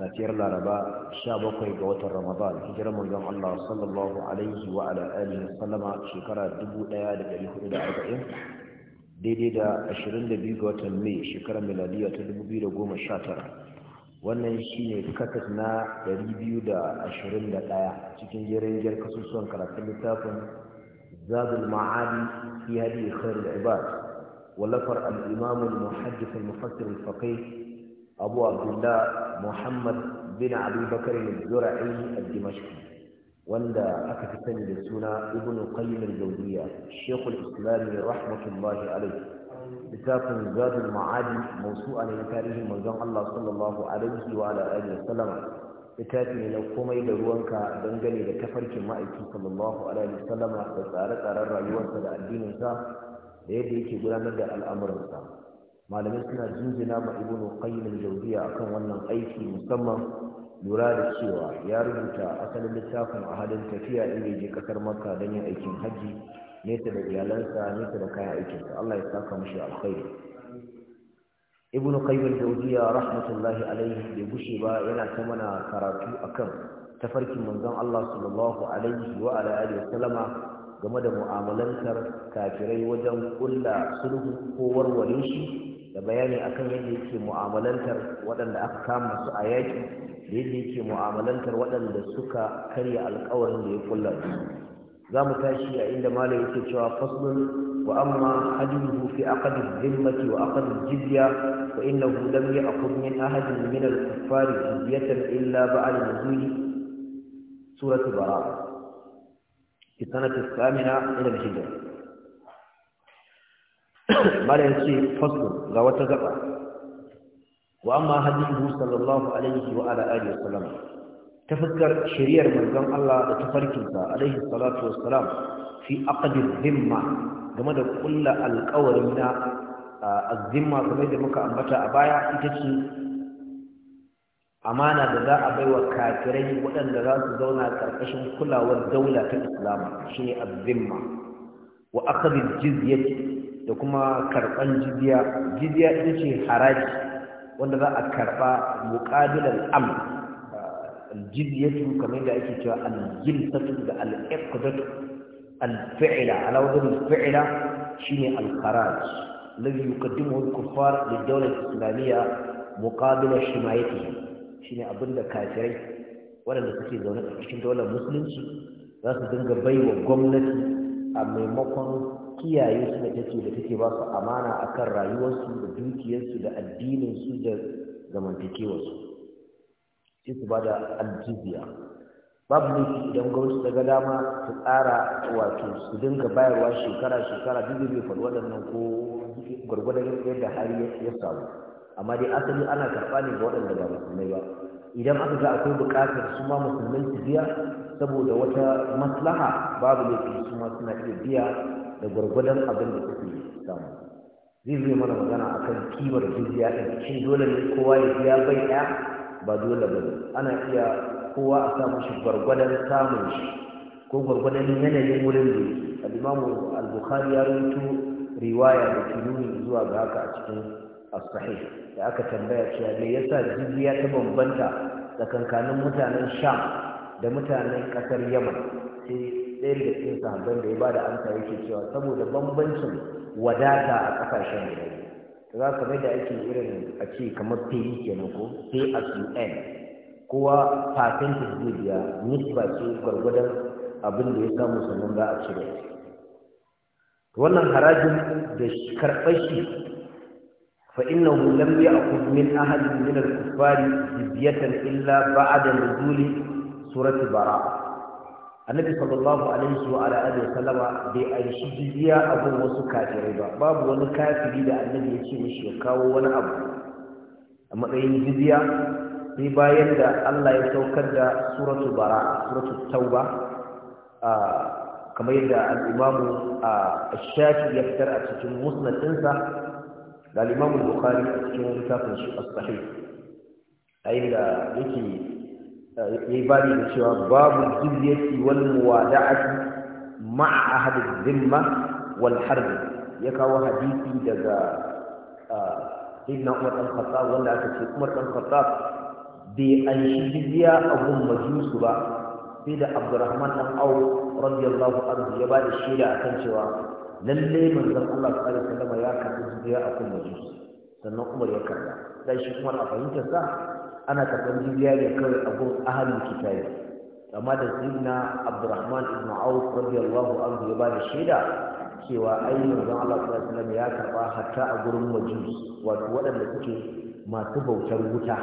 safiyar laraba 17 ga watan ramadan hijirar manzon Allah sallallahu alaihi wa ala alihi sallama shekara 1440 daidai da 22 ga watan mai shekarar miladiya ta 2019 wannan shine kakat na 221 cikin jerin jiyar kasusuwan karatun littafin zadul ma'adi fi hadi khairul ibad wallafar al-imam al-muhaddith al-mufassir al-faqih abu abdullah muhammad bin abubakar ne zura'i a dimashi wanda aka fi sani da suna ibn qayyim al-dawriya shaykhul islam rahmatullahi alayhi litafin zadul ma'adi mawsu'a ne tarihin manzon allah sallallahu alaihi wa ala alihi sallama litafi ne na komai da ruwanka dangane da tafarkin ma'aiki sallallahu alaihi wa sallama da tsare-tsaren rayuwarsa da addinin sa da yadda yake gudanar da al'amuransa malamai suna jinjina ma ibnu qayyim al-jawziya akan wannan aiki musamman lura da cewa ya rubuta asalin littafin a halin tafiya in ya je kasar makka don yin aikin hajji nesa da iyalansa nesa da kayan aikinsa Allah ya saka mushi alkhairi ibnu qayyim al-jawziya rahmatullahi alaihi bai gushe ba yana ta mana karatu akan tafarkin manzon Allah sallallahu alaihi wa ala alihi wa sallama game da mu'amalantar kafirai wajen kulla sulhu ko warware shi da bayani akan yadda yake mu'amalantar waɗanda aka kama su a yaƙi da yadda yake mu'amalantar waɗanda suka karya alƙawarin da ya kulla su za mu tashi a inda malam yake cewa faslun wa amma hajjuhu fi aqdi dhimmati wa aqdi jizya fa innahu lam ya'khudh min ahadin min al-kuffari jizyatan illa ba'da nuzuli suratu bara fi sanati thamina ila al mara ya ce fasul ga wata gaba wa amma hadisu sallallahu alaihi wa ala alihi wasallam ta fuskar shari'ar manzon Allah da tafarkinsa alaihi salatu wassalam fi aqdi dhimma game da kullu alqawrin na azzimma kamar da muka ambata a baya ita ce amana da za a bai wa kafirai waɗanda za su zauna ƙarƙashin kulawar daula ta islama shine azzimma wa akhdi jizyati da kuma karɓar jizya jizya ita ce haraji wanda za a karɓa muqabilan am eh, aljizyatu kamar da ake cewa aljilsatu da al-iqdatu al-fi'la ala wajhi al-fi'la shine al-kharaj الذي يقدمه الكفار للدولة الإسلامية مقابل حمايتها shine abin da kafirai waɗanda suke zaune a cikin daular musulunci za su dinga bai wa gwamnati a maimakon kiyaye su da take da take ba su amana a kan rayuwarsu da dukiyarsu da addininsu da zamantakewarsu sai su ba da aljiziya babu laifi idan gwamnati ta ga dama su tsara wato su dinga bayarwa shekara-shekara duk zai faru waɗannan ko gwargwadon yadda hari ya samu amma dai asali ana karɓa ne ga waɗanda ba musulmai ba idan aka ga akwai buƙatar su ma musulmai su biya saboda wata maslaha babu ne su ma suna iya biya da gwargwadon abin da suke samu zai zai mana magana a kan kimar jizya ɗin shi dole ne kowa ya biya bai ɗaya ba dole ba ne ana iya kowa a samu shi gwargwadon samun shi ko gwargwadon yanayin wurin da yake al'imamu al ya rubuto riwaya da ke nuni zuwa ga haka a cikin as da aka tambaya cewa me yasa jizya ta bambanta tsakankanin mutanen sham da mutanen ƙasar yaman sai ɗaya daga cikin sahabban da ya ba da amsa yake cewa saboda bambancin wadata a ƙasashen da yau za ka mai da ake irin a ce kamar pay kenan ko pay as you earn kowa percentage zai biya nisba ce gwargwadon abin da ya samu sannan za a cire wannan harajin da karɓar shi fa innahu lam ya'khudh min ahadin min al-kuffari jizyatan illa ba'da nuzuli surati baraa annabi sallallahu alaihi wa alihi wasallama bai aishi jiziya a gun wasu kafirai ba babu wani kafiri da annabi ya ce mishi ya kawo wani abu a matsayin jiziya sai bayan da Allah ya saukar da suratu bara suratu tauba kamar yadda al a shafi ya fitar a cikin musnad ɗinsa da al-imamu a cikin littafin shi as-sahih yake yayi bari da cewa babu jizyati wal muwada'ati ma'a ahli zimma wal harbi. ya kawo hadisi daga Ibn Umar dan Khattab wanda aka ce Umar dan Khattab bai an shi jizya abun majusu ba sai da Abdurrahman dan Auf radiyallahu anhu ya ba da shaida a kan cewa lalle manzon Allah sallallahu alaihi wasallam ya karbi jizya abun majusu sannan Umar ya karba dan shi Umar a fahimtar sa ana karɓar juriya ne kawai a gun ahalin kitabi amma da zina abdurrahman ibn auf radiyallahu anhu ya bada shaida cewa ai manzon Allah sallallahu alaihi ya karɓa hatta a gurin majus wato waɗanda suke masu bautar wuta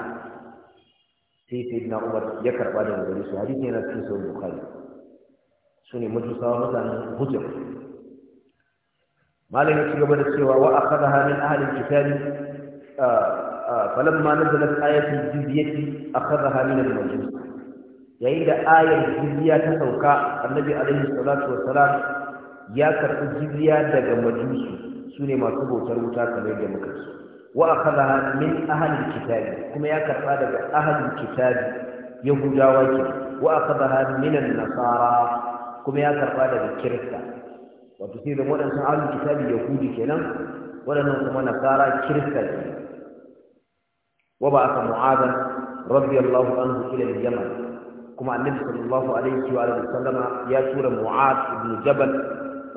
sai sai na umar ya karɓa daga gari su hadisi yana cikin sahih bukhari su ne majusawa mutanen hujjar malam ya ci gaba da cewa wa akhadha min ahli kitabi ah, falamma nazalat ayatul jizyati akhadha min al-majus yayin da ayar jizya ta sauka annabi alaihi salatu wassalam ya karɓi jizya daga majusu sune masu bautar wuta kamar da muka ce wa akhadha min ahli kitabi kuma ya karɓa daga ahli kitabi yahudawa ke wa akhadha min an-nasara kuma ya karɓa daga kirista wato sai da waɗansu ahli kitabi yahudi kenan waɗannan kuma nasara kirista ne wabata mu'adan radiyallahu anhu ila al-yaman kuma annabi sallallahu alaihi wa alihi ya tura mu'ad ibn jabal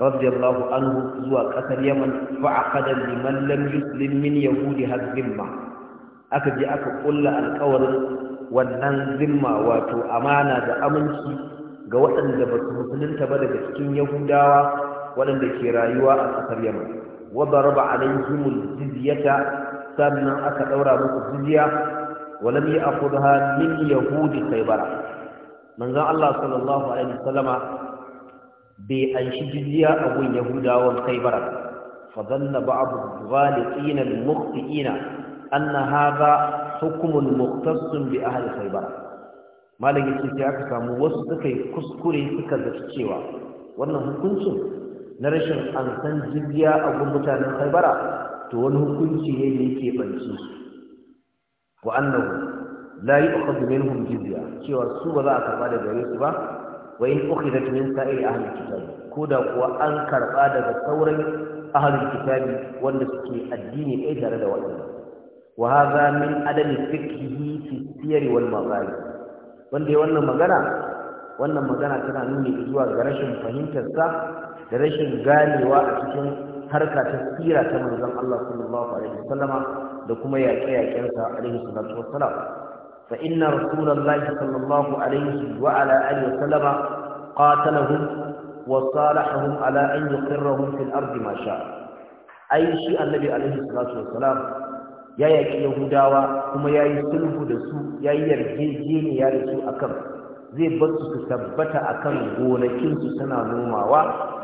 radiyallahu anhu zuwa ƙasar yaman fa aqada liman lam yuslim min yahudi hazimma aka je aka kulla alƙawarin wannan zimma wato amana da aminci ga waɗanda ba su musulunta ba daga cikin yahudawa waɗanda ke rayuwa a ƙasar yaman wadda raba alaihimul jizyata sannan aka ɗaura muku jizya walam yi akhudha min yahudi khaybara manzon Allah sallallahu alaihi wasallama bai anshi jizya a yahudawan khaybara fa dhanna ba'd al-ghaliqin al-mukhti'in anna hadha hukmun mukhtassun bi ahli khaybara malam yace sai aka samu wasu suka yi kuskure suka zaci cewa wannan hukuncin na rashin an san jizya a gun mutanen khaybara to wani hukunci ne da yake banci wa annahu la yu'khadhu minhum jizya cewa su ba za a karba daga gare su ba wa in ukhidat min sa'iri ahli kitab ko da kuwa an karba daga sauran ahli kitab wanda suke addini ɗaya tare da wannan wa hadha min adami fikhihi fi siyar wal maghali wanda wannan magana wannan magana tana nuni zuwa ga rashin fahimtar sa da rashin ganewa a cikin harka ta tsira ta manzon Allah sallallahu alaihi wasallama da kuma yaƙe-yaƙensa alaihi salatu wassalam fa inna rasulullahi sallallahu alaihi wa ala alihi wasallama qatalahum wa salahahum ala an yuqirrahum fil ardi ma sha ai shi annabi alaihi salatu wassalam ya yaƙi yahudawa kuma ya yi sulhu da su ya yi yarjejeniya da su akan zai bar su su tabbata akan gonakinsu suna nomawa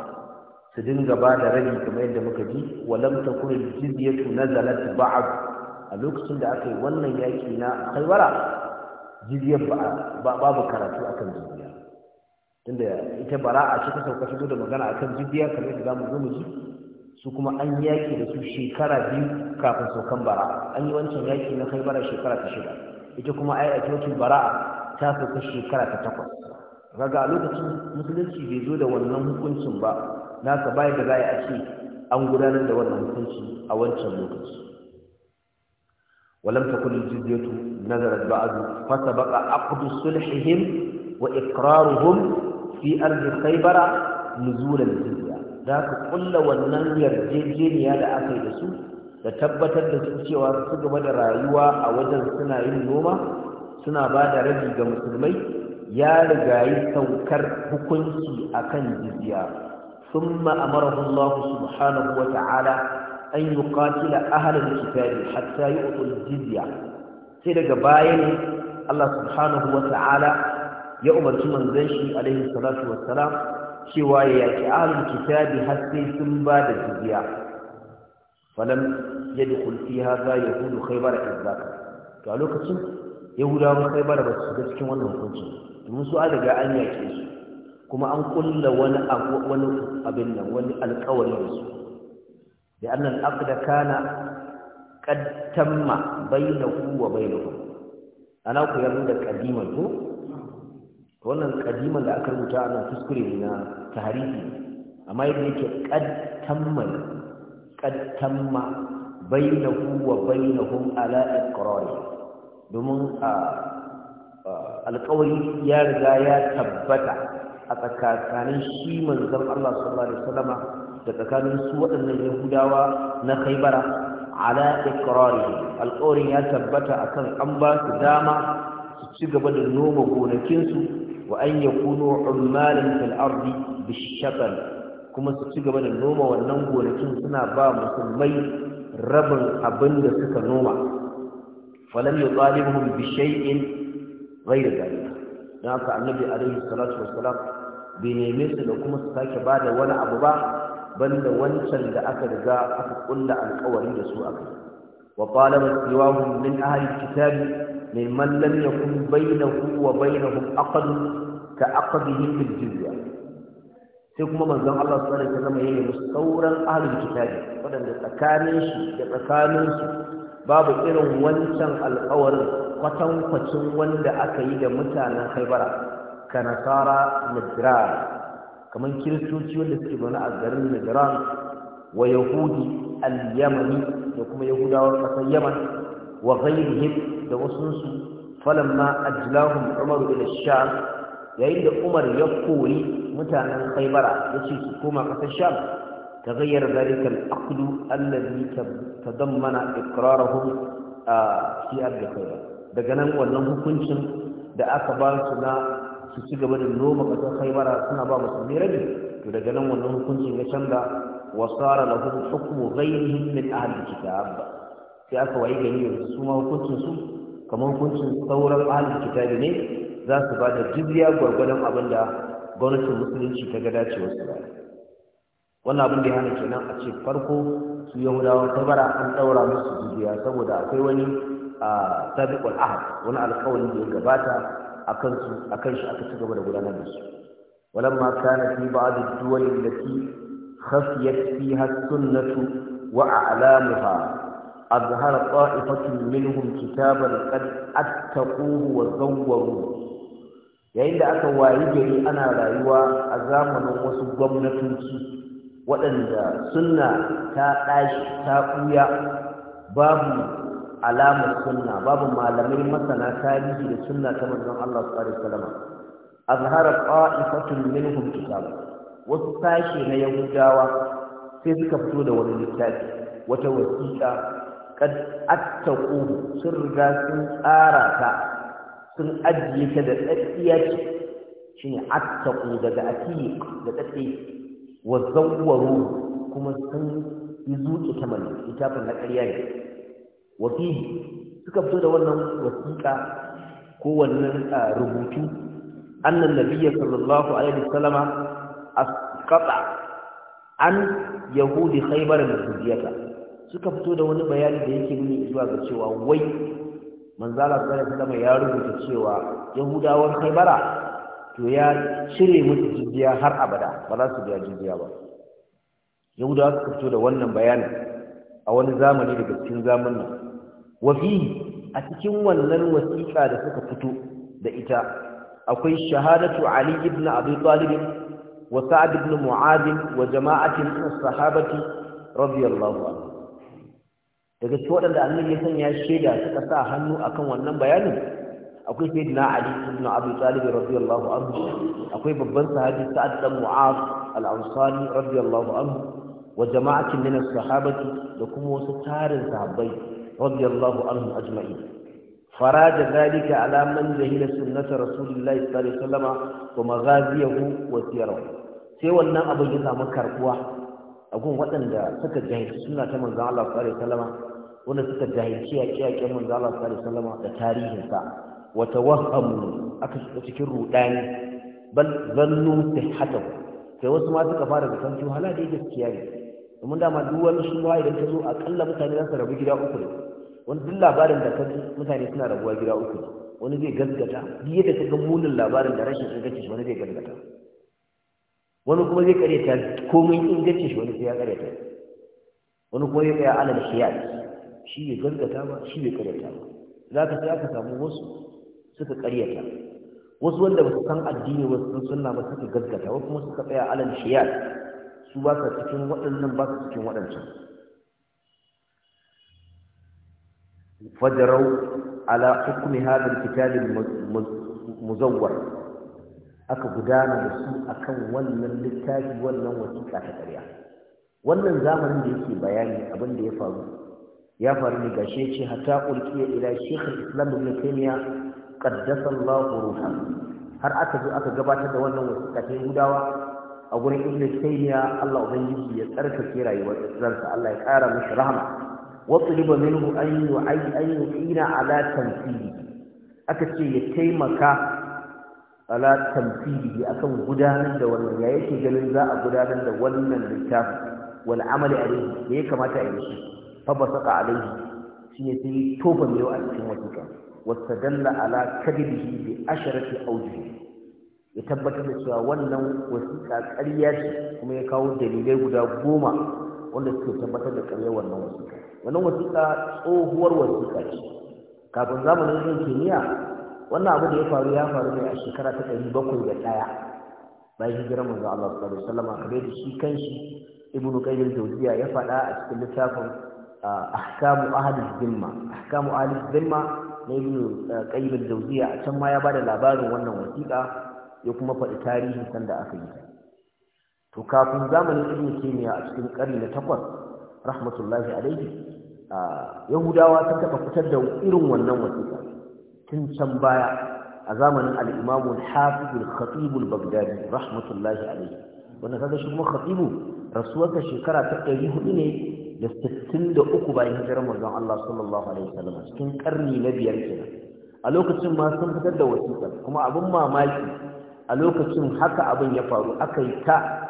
su dinga ba da rabi kamar yadda muka ji walam takun jizyatu nazalat ba'd a lokacin da aka yi wannan yaki na kaiwara jizyar babu karatu akan jizya tunda ita bara'a ce ta sauka shigo da magana akan jizya kamar yadda zamu zo mu ji su kuma an yaki da su shekara biyu kafin saukan bara'a an yi wancan yaki na khaibara shekara ta shida ita kuma ai a kyautin bara'a ta sauka shekara ta takwas kaga a lokacin musulunci bai zo da wannan hukuncin ba nasa bayan da zai ake an gudanar da wannan hukunci a wancan lokaci walam takun jiziyatu nazarat ba'du fasabaqa aqdu sulhihim wa iqraruhum fi ardi khaybara nuzul al-jizya da ka wannan yarjejeniya da aka yi da su da tabbatar da cewa su gaba da rayuwa a wajen suna yin noma suna ba da rabi ga musulmai ya riga saukar hukunci akan jizya ثم أمره الله سبحانه وتعالى أن يقاتل أهل الكتاب حتى يؤتوا الجزية سيدة باين الله سبحانه وتعالى يؤمر من زيشي عليه الصلاة والسلام شواية أهل الكتاب حتى سنباد الجزية فلم يدخل في هذا يهود خيبر إذاك قالوا كتن يهودا خيبر بس كتن وانه كنت المسؤال قال أن يكيسوا kuma an kulla wani abin nan wani alƙawarin su da annal aqda kana qad tamma bainahu wa bainahu ana ku yarda da qadiman ko wannan qadiman da aka rubuta a nan kuskure na tarihi amma yadda yake qad tamma qad tamma bainahu wa bainahum ala iqrari domin ah, ah, alƙawari ya riga ya tabbata a tsakanin shi manzon Allah sallallahu alaihi wasallama da tsakanin su waɗannan Yahudawa na Khaybara ala iqrari alqawrin ya tabbata a kan an ba su dama su ci gaba da noma gonakinsu, wa an yakunu ummalan fil ardi bishakal kuma su ci gaba da noma wannan gonakin suna ba musulmai rabin abin da suka noma falam yutalibuhum bi shay'in ghayr dhalika dan haka annabi alaihi salatu wassalam bai neme su da kuma su sake ba da wani abu ba banda wancan da aka riga aka kulla alkawari da su akai wa qala siwahum min ahli kitabi min man lam yakun bainahu wa bainahum aqd ka aqdihim bil jizya sai kuma manzon Allah sallallahu alaihi wasallam yayin musu sauran ahli kitabi wadanda tsakanin shi da tsakanin su babu irin wancan alƙawarin kwatankwacin wanda aka yi da mutanen Khaibara ka nasara kamar kiristoci wanda suke zaune a garin najran wa yahudi al-yamani da kuma Yahudawar kasar yaman wa ghayrihim da wasunsu falamma ajilahun umar ila sham yayin da umar ya kori mutanen khaybara yace su koma kasar sham تغير ذلك العقد الذي تضمن a في da خيبر daga nan wannan hukuncin da aka ba su na su ci gaba da noma ƙasar haibara suna ba musulmi rabi to daga nan wannan hukuncin ya canza wa sara lahum hukmu ghayrihim min ahli kitab sai aka wayi gari yanzu su ma hukuncin su kamar hukuncin sauran ahli kitab ne za su ba da jizya gwargwadon abin da gwamnatin musulunci ta ga dacewa su ba wannan abin da ya hana kenan a ce farko su ta bara an ɗaura musu jizya saboda akwai wani a ah, sabiqul ahad wani alƙawarin da ya gabata akan shi aka ci gaba da gudanar da su walamma kana fi ba'd ad-duwal allati khafiyat fiha as-sunnah wa a'lamuha azhara ta'ifatun minhum kitaban qad attaquhu wa zawwaru yayin da aka wayi gari ana rayuwa a zamanin wasu gwamnatoci waɗanda sunna ta ɗashi ta ɓuya babu alamar sunna babu malamai masana tarihi da sunna ta manzon Allah sallallahu azhara qa'ifatun minhum kitab wasu sashi na yahudawa sai suka fito da wani littafi wata wasiƙa kad attaqu sun riga sun tsara ta sun ajiye ta da tsakiya ce shine attaqu daga atiq da tsakiya wa zawwaru kuma sun yi zuƙi ta mallaki littafin na ƙarya ne Wasihi suka fito da wannan wasiƙa ko wannan rubutu annan nabiyya sallallahu alaihi wasallama asqata an yahudi khaybar al-hudiyata suka fito da wani bayani da yake nuni zuwa ga cewa wai manzala sallallahu alaihi wasallama ya rubuta cewa yahudawan khaybara to ya cire musu jizya har abada ba za su biya jizya ba yahudawa suka fito da wannan bayani a wani zamani daga cikin zamanin wafi a cikin wannan wasiƙa da suka fito da ita akwai shahadatu ali ibn abi talib wa sa'd ibn mu'adh wa jama'atin sahabati radiyallahu anhu daga cikin waɗanda annabi ya sanya shaida suka sa hannu akan wannan bayanin akwai sayyidina ali ibn abi talib radiyallahu anhu akwai babban sahabi sa'd ibn mu'adh al-ansari radiyallahu anhu wa jama'atin min as-sahabati da kuma wasu tarin sahabbai رضي الله عنهم أجمعين فراج ذلك على من جهل سنة رسول الله صلى الله عليه وسلم ومغازيه وسيره سوى أن أبو جزا مكر قوة أقول وطن دا سكت جاهل سنة من زعل الله صلى الله عليه وسلم وأن سكت جاهل شيئا شيئا من زعل الله صلى الله عليه وسلم لتاريه ساعة وتوهموا أكثر داني بل ظنوا صحته sai wasu ma suka fara da san juhala da gaskiya ne domin dama duk wani shubha idan ta zo akalla mutane za su rabu gida uku ne wani duk labarin da kaji mutane suna rabuwa gida uku wani zai gaskata biye da kaga munin labarin da rashin ingancin shi wani zai gaggata wani kuma zai karyata komai ingancin shi wani sai ya karyata wani kuma zai tsaya alal shiyar shi bai gaggata ba shi bai karyata ba za ka sai aka samu wasu suka karyata wasu wanda ba su san addini ba sun sunna ba suka gaggata wasu kuma suka tsaya alal shiyar su ba sa cikin waɗannan ba su cikin waɗancan fajarau على حكم هذا kitabin muzawwar aka gudana da su akan wannan littafi wannan wasiƙa ta ƙarya wannan zamanin da yake bayani abin da ya faru ya faru ne gashi ce hatta ulqiya ila shaykh islam ibn taymiya qaddasa Allah ruha har aka zo aka gabatar da wannan wasiƙa ta Yahudawa a gurin ibn taymiya Allah ubangiji ya tsarkake rayuwar ransa Allah ya ƙara masa rahama waɗulibu minhu ayyu ayyu ayyu ina ala tamfili aka ce ya taimaka ala tamfili akan gudanar da wannan ya yake ganin za gudanar da wannan littafi wal amali alayhi da ya kamata a yi shi fa basaka alayhi shi ne sai toba miyo a cikin wasiƙa wasadalla ala kadibihi bi asharati awjuhi ya tabbatar da cewa wannan wasiƙa ƙarya ce kuma ya kawo dalilai guda goma wanda suke tabbatar da ƙarya wannan wasiƙa wannan wasiƙa tsohuwar wasiƙa ce kafin zamanin yin kimiyya wannan abu da ya faru ya faru ne a shekara ta ɗari bakwai da ɗaya bayan hijirar manzo Allah sallallahu alaihi wasallam kamar da shi kanshi ibnu qayyim jawziya ya faɗa a cikin littafin ahkamu ahli dhimma ahkamu ahli dhimma na ibnu eh, qayyim jawziya a can ma ya bada labarin wannan wasiƙa ya kuma faɗi tarihin sanda aka yi to kafin zamanin ibnu kimiyya a cikin ƙarni na takwas rahmatullahi alaihi yahudawa sun taɓa fitar da irin wannan wasiƙa tun can baya a zamanin al-imamu al Bagdadi, rahmatullahi alaihi wannan kaga shi kuma khatibu rasuwarsa shekara ta hudu ne da sittin uku bayan hijirar manzon Allah sallallahu alaihi wasallam cikin karni na biyar kenan a lokacin ma sun fitar da wasiƙa kuma abin mamaki a lokacin haka abin ya faru aka yi ta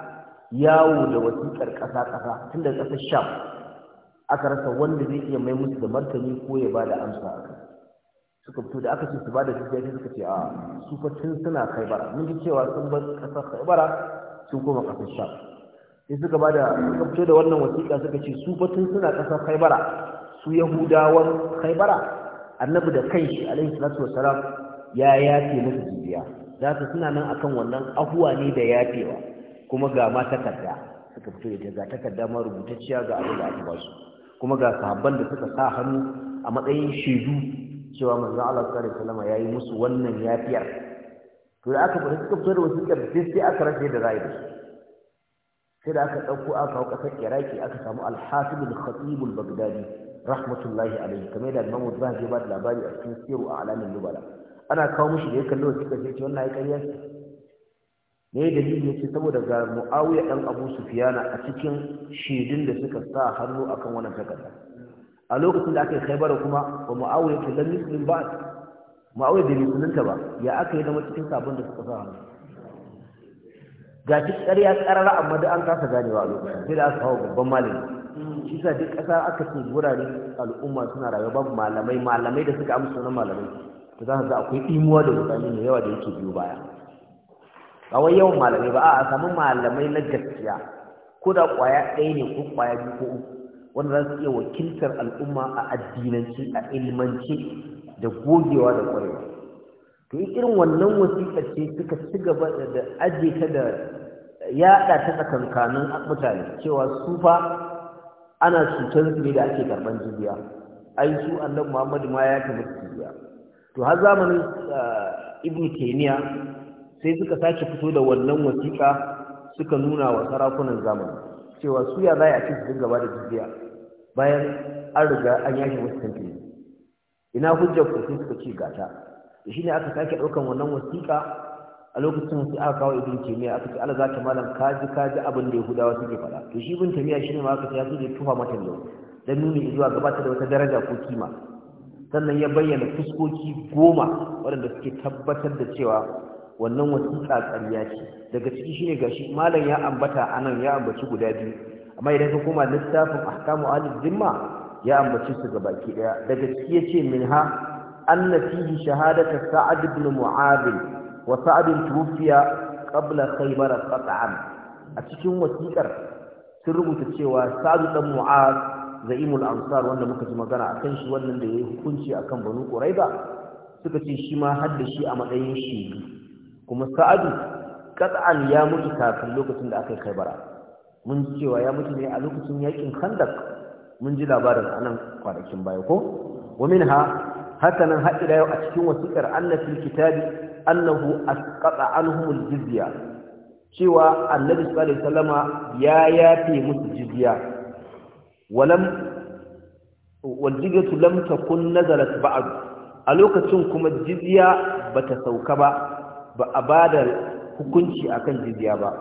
yawo da wasiƙar ƙasa-ƙasa tun da ƙasar sham aka rasa wanda zai iya mai musu da martani ko ya ba da amsa a kai suka fito da aka ce su ba da jirgin sai suka ce a su fa tun suna kaibara mun ji cewa sun bar ƙasar kaibara sun koma ƙasar sham sai suka ba da suka fito da wannan wasiƙa suka ce su fa tun suna ƙasar kaibara su yahudawan kaibara annabi da kanshi alaihi salatu wassalam ya yafe musu jizya za su suna nan akan wannan afuwa ne da yafewa kuma ga ma takarda suka fito da ga takarda ma rubutacciya ga abin da aka ba su kuma ga sahabban da suka sa hannu a matsayin shaidu cewa manzo Allah sallallahu alaihi wasallam yi musu wannan yafiyar to da aka fara suka fito da wasu kabbi sai aka rage da ra'ayi sai da aka dauko aka hau kasar Iraki aka samu al-Hasib al-Khatib al-Baghdadi rahmatullahi alaihi kamar da Imam Zahabi ya ba da labari a cikin Siru a Alamin Lubala ana kawo mishi da ya kallo suka ce wannan ai ƙarya ne dalili yake saboda ga muawiya dan abu Sufyana a cikin shedin da suka sa hannu akan wannan takarda a lokacin da aka yi khaybar kuma wa muawiya to lam yuslim ba'd muawiya bai ta ba ya aka yi da cikin sabon da suka sa hannu ga cikin ƙarya ƙarara amma da an kasa ganewa a lokacin sai da aka kawo babban malami shi sa duk ƙasa aka ce wurare al'umma suna rayuwa babu malamai malamai da suka amsa sunan malamai to za ka ga akwai imuwa da mutane da yawa da yake biyo baya ba wai yawan malamai ba a samu malamai na gaskiya ko da ƙwaya ɗaya ne ko ƙwaya biyu ko uku wanda za su iya wakiltar al'umma a addinance a ilmance da gogewa da kwarewa to irin wannan wasiƙa ce suka ci gaba da aje ta da yaɗa ta tsakankanin mutane cewa su fa ana cutar su ne da ake karɓar jibiya ai su annabi muhammadu ma ya tafi jibiya to har zamanin ah, ibn taymiya sai suka sake fito da wannan wasiƙa suka nuna wa sarakunan zamani cewa su ya za a ce su dinga ba da jizya bayan an riga an yashe wasu tantin ina hujjar ku sai suka ce gata da shi ne aka sake ɗaukan wannan wasiƙa a lokacin sai aka kawo ibn taymiya aka ce Allah ta malam kaji kaji abin da yahudawa suke faɗa to shi ibn taymiya shine ma aka ce ya so da tufa mata yau dan nuni zuwa gabatar da wata daraja ko kima sannan ya bayyana fuskoki goma waɗanda suke tabbatar da cewa wannan wasiƙa ƙarya ce daga ciki shine gashi malam ya ambata anan ya ambaci guda biyu amma idan ka koma littafin ahkamu ahli zimma ya ambaci su ga baki daya daga ciki yace minha anna fihi shahadatu sa'ad ibn mu'adh wa sa'ad tuwfiya qabla khaybar qat'an a cikin wasiƙar sun rubuta cewa sa'ad dan mu'adh za'imul ansar wanda muka ji magana akan shi wannan da yayi hukunci akan banu quraiba suka ce shi ma hadda shi a matsayin shi kuma sa'adu qat'an ya mutu kafin lokacin da aka yi bara. mun ji cewa ya mutu ne a lokacin yakin khandaq mun ji labarin anan kwanakin baya ko wa minha haka nan har ila yau a cikin wasiƙar Annabi kitabi annahu asqata anhum al jizya cewa annabi sallallahu alaihi wasallama ya yafe musu jizya walam wal jizyatu lam takun nazalat ba'd a lokacin kuma jizya bata sauka ba ba a ba da hukunci a kan jizya ba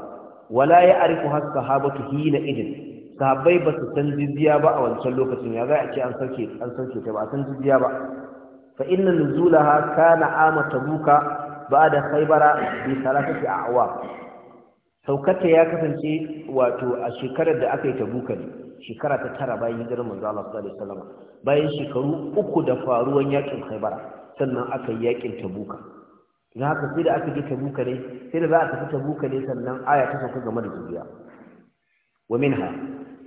wala ya arifu har sahabatu hina idin sahabbai ba su san jizya ba a wancan lokacin ya za a ce an sarke an sarke ta ba a san jizya ba fa inna nuzulaha kana ama tabuka ba'da khaybara bi thalathati a'wa saukata ya kasance wato a shekarar da aka yi buka ne shekara ta tara bayan hijirar manzo Allah sallallahu alaihi wasallam bayan shekaru uku da faruwan yakin khaybara sannan aka yi yakin tabuka Ina haka sai da aka je buka ne sai da za a tafi tabuka ne sannan aya ta sauka game da zuriya wa minha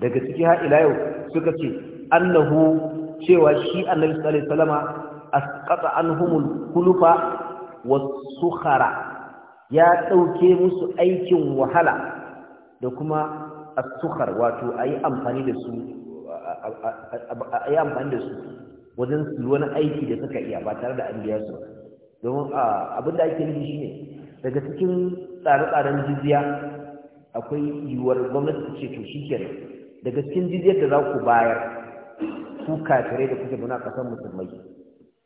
daga ciki ha ila yau suka ce annahu cewa shi annabi sallallahu alaihi wasallama asqata anhumul kulufa was-sukhara ya dauke musu aikin wahala da kuma as-sukhar wato ayi amfani da su ayi amfani da su wajen su wani aiki da suka iya ba tare da an biya su ba domin abin da ake nufi shine daga cikin tsare-tsaren jizya akwai yiwuwar gwamnati ta ce to shi kenan daga cikin jizya da za ku bayar ku kafirai da kuke bana kasar musulmai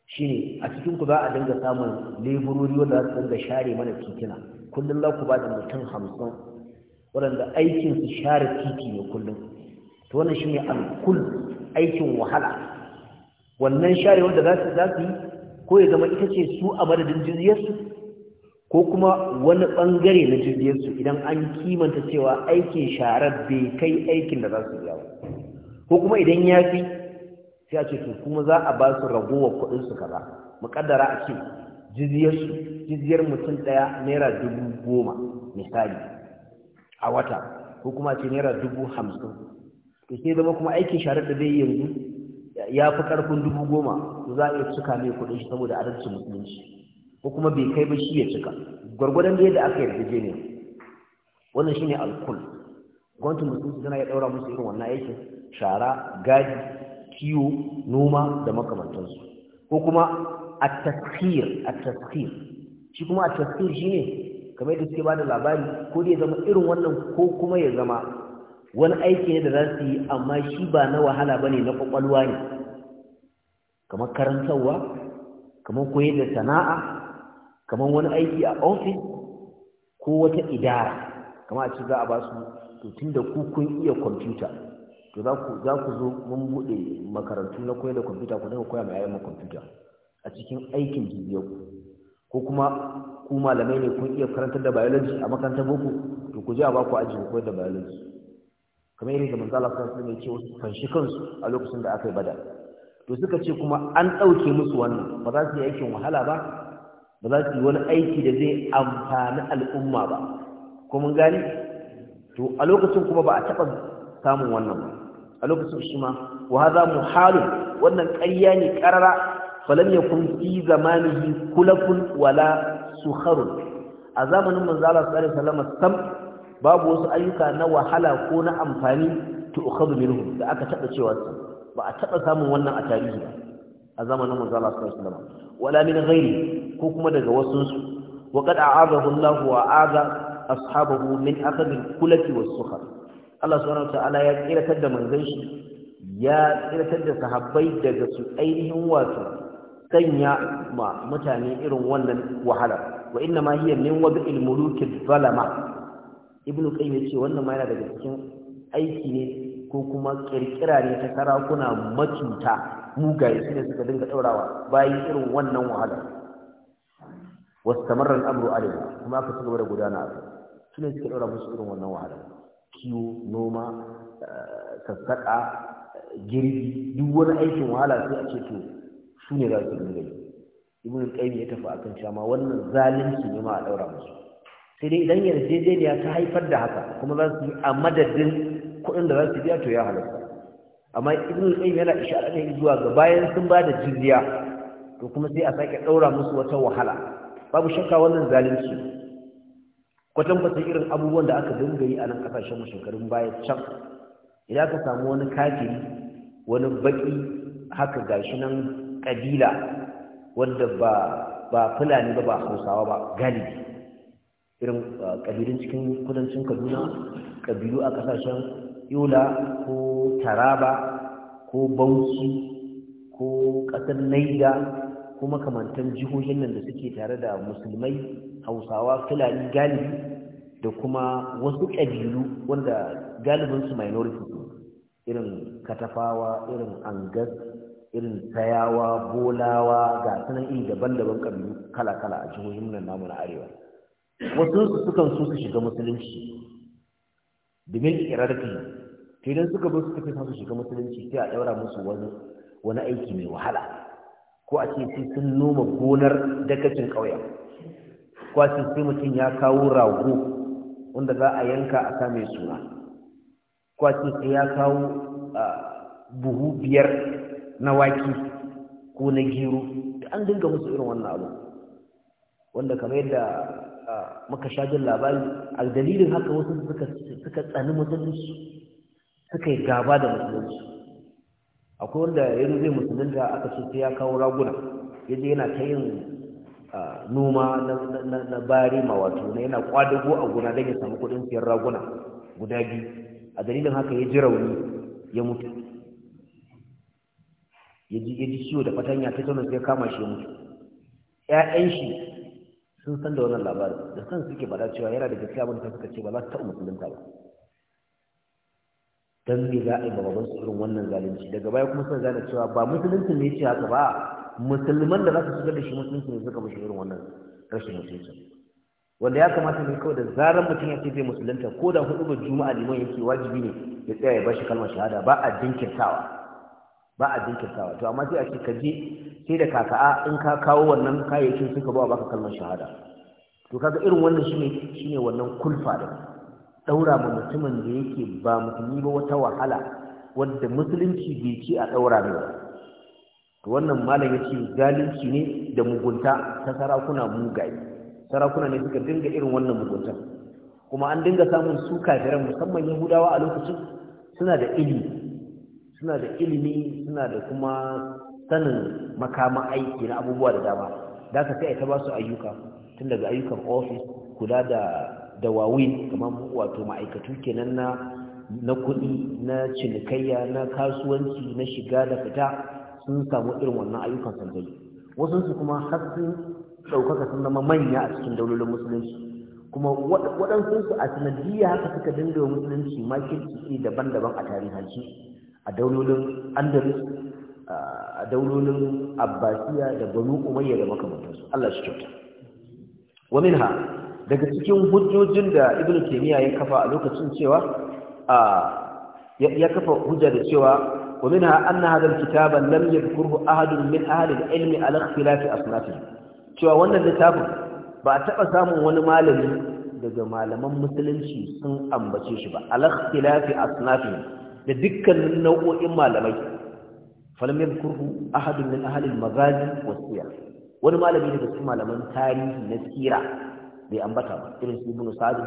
shine a cikin ku za a dinga samun leburori wanda za su dinga share mana titina kullum za ku ba da mutum hamsin waɗanda aikinsu share titi ne kullum to wannan shine alkul aikin wahala wannan share wanda za su yi ko ya zama ita ce su a madadin jizyarsu ko kuma wani ɓangare na jizyarsu idan an kimanta cewa aikin sharar bai kai aikin da za su biya yawa ko kuma idan ya fi sai a ce su kuma za a ba su ragowar kuɗinsu kaza muƙaddara a ce jizyarsu jizyar mutum ɗaya naira dubu goma misali a wata ko kuma ce naira dubu hamsin to sai zama kuma aikin sharar da zai yi yanzu ya fi ƙarfin dubu goma za a iya cika mai kuɗin shi saboda adalci musulunci ko kuma bai kai ba shi ya cika gwargwadon da yadda aka ne. wannan shine alkul gwamnatin musulunci tana ya ɗaura musu irin wannan aikin shara gadi kiwo noma da makamantansu ko kuma a tasir a tasir shi kuma a tasir shine kamar yadda suke ba da labari ko da ya zama irin wannan ko kuma ya zama wani aiki ne da za su yi amma shi ba na wahala ba ne na ƙwaƙwalwa ne kamar karantarwa kamar koyi da sana'a kamar wani aiki a ofis ko wata idara kamar a ci za a ba su to da ku iya kwamfuta to za ku zo mun buɗe makarantu na koyi da kwamfuta ku daga koya mai yayan kwamfuta a cikin aikin jibiyar ko kuma ku malamai ne kun iya karantar da biology a makarantar boko to ku je a ba ku aji koyar da biology kamar yadda manzo Allah sallallahu alaihi wasallam ya ce wasu fanshi kansu a lokacin da aka yi bada, to suka ce kuma an dauke musu wannan ba za su yi aikin wahala ba ba za su yi wani aiki da zai amfani al'umma ba ko mun gane? to a lokacin kuma ba a taba samun wannan ba a lokacin shi ma wa hadha muhalun wannan ƙarya ne karara falam yakun fi zamanihi kulafun wala sukharun a zamanin manzo Allah sallallahu alaihi wasallam sam babu wasu ayyuka na wahala ko na amfani to ukhadhu minhum da aka taba cewa ba a taba samun wannan a tarihi ba a zamanin manzo Allah sallallahu alaihi wasallam wala min ghairi ko kuma daga wasu su wa qad a'adahu Allah wa aza ashabahu min akhadh al-kulati was-sukhar Allah subhanahu wa ta'ala ya tsiratar da manzon shi ya tsiratar da sahabbai daga su ainihin wato sanya ma mutane irin wannan wahala wa inna ma hiya min wad'il muluki zalama ibnu qayyim yace wannan ma yana daga cikin aiki ne ko kuma kirkira ne ta sarakuna matuta mugaye ne suka dinga daurawa bayan irin wannan wahala wastamarra al-amru alayhi kuma aka cigaba da gudana a ne suka daura musu irin wannan wahala kiwo noma eh, sassaƙa girbi duk wani aikin wahala sai a ce to su ne za su dinga yi ibn qayyim ya tafi akan cewa wannan zalunci ne ma a daura musu sai dai idan yarjejeniya ta haifar da haka kuma za su yi a madadin kuɗin da za su biya to ya halatta amma idan sai yana ishara ne zuwa ga bayan sun ba da jizya to kuma sai a sake daura musu wata wahala babu shakka wannan zalunci kwatan kwata irin abubuwan da aka dinga yi a nan kasashen mu shekarun baya can idan ka samu wani kafiri wani baƙi, haka gashi nan kabila wanda ba ba fulani ba ba hausawa ba galibi irin kabilun ah, cikin kudancin kaduna ƙabilu a ƙasashen yola ko taraba ko bauchi ko ƙasar naija ko makamantan jihohin nan da suke tare da musulmai hausawa fulani galibi da kuma wasu ƙabilu wanda galibinsu minority irin katafawa irin angas irin Sayawa, bolawa ga sanan iri daban-daban ƙabilu kala-kala a jihohin nan namu na arewa wasu su sukan so su shiga musulunci domin irarfi ke idan suka bi suka fi su shiga musulunci sai a ɗaura musu wani wani aiki mai wahala ko a ce sai sun noma gonar dakacin ƙauyen ko a ce sai mutum ya kawo rago wanda za a yanka a sa mai suna ko a ce sai ya kawo buhu biyar na wake ko na gero an dinga musu irin wannan abu wanda kamar yadda muka shajin labari a dalilin haka wasu suka tsani musulunci suka yi gaba da musulunci akwai wanda yanzu zai musulunta aka ce sai ya kawo raguna ya yana ta yin noma na bari wato na yana kwadago a gona don ya samu kudin siyan raguna guda biyu a dalilin haka ya ji rauni ya mutu ya ji ciwo da fatanya ta zaune sai kama shi ya mutu 'ya'yan shi sun san da wannan labarin da san suke bada cewa yana da gaskiya wanda suka ce ba za su taɓa musulunta ba dan me za a yi bababan su irin wannan zalunci daga baya kuma sun gane cewa ba musulunci ne ce haka ba musulman da za su shigar da shi musulunci ne suka mashi irin wannan rashin musulunci wanda ya kamata ne kawai da zarar mutum ya ce zai musulunta ko da hudu ba juma'a liman yake wajibi ne ya tsaya ya bashi kalmar shahada ba a jinkirtawa ba a jinkirtawa to amma sai a ce ka je sai da kaka'a in ka kawo wannan kayayyakin suka ba baka kalmar shahada to kaga irin wannan shine shine wannan kulfa da daura ma mutumin da yake ba musulmi ba wata wahala wanda musulunci bai ci a daura ne to wannan malam yace zalunci ne da mugunta ta sarakuna mugaye sarakuna ne suka dinga irin wannan mugunta kuma an dinga samun su kafiran musamman yahudawa a lokacin suna da ilimi suna da ilimi suna da kuma sanin makama aiki na abubuwa da dama da ka sai ta ba su ayyuka tun daga ayyukan ofis kula da dawawin kamar wato ma'aikatu kenan na na kuɗi na cinikayya na kasuwanci na shiga da fita sun samu irin wannan ayyukan sandali wasu su kuma har sun ɗaukaka sun zama manya a cikin daulolin musulunci kuma waɗansu su a sanadiyya haka suka dinga musulunci makirci daban-daban a tarihanci a daulolin andalus a daulolin abbasiya da banu umayya da makamantansu Allah shi kyauta wa minha daga cikin hujjojin da ibnu taymiya ya kafa a lokacin cewa ya kafa hujja da cewa wa minha anna hadha alkitaba lam yadhkurhu ahadun min ahli alilmi ala ikhtilafi asnafihi cewa wannan littafin ba a taba samun wani malami daga malaman musulunci sun ambace shi ba ala ikhtilafi asnafihi da dukkanin nau'o'in malamai falam Kurhu, ahadun min ahli al-maghazi wani malami daga cikin malaman tarihi na tsira bai ambata ba irin su ibnu sa'd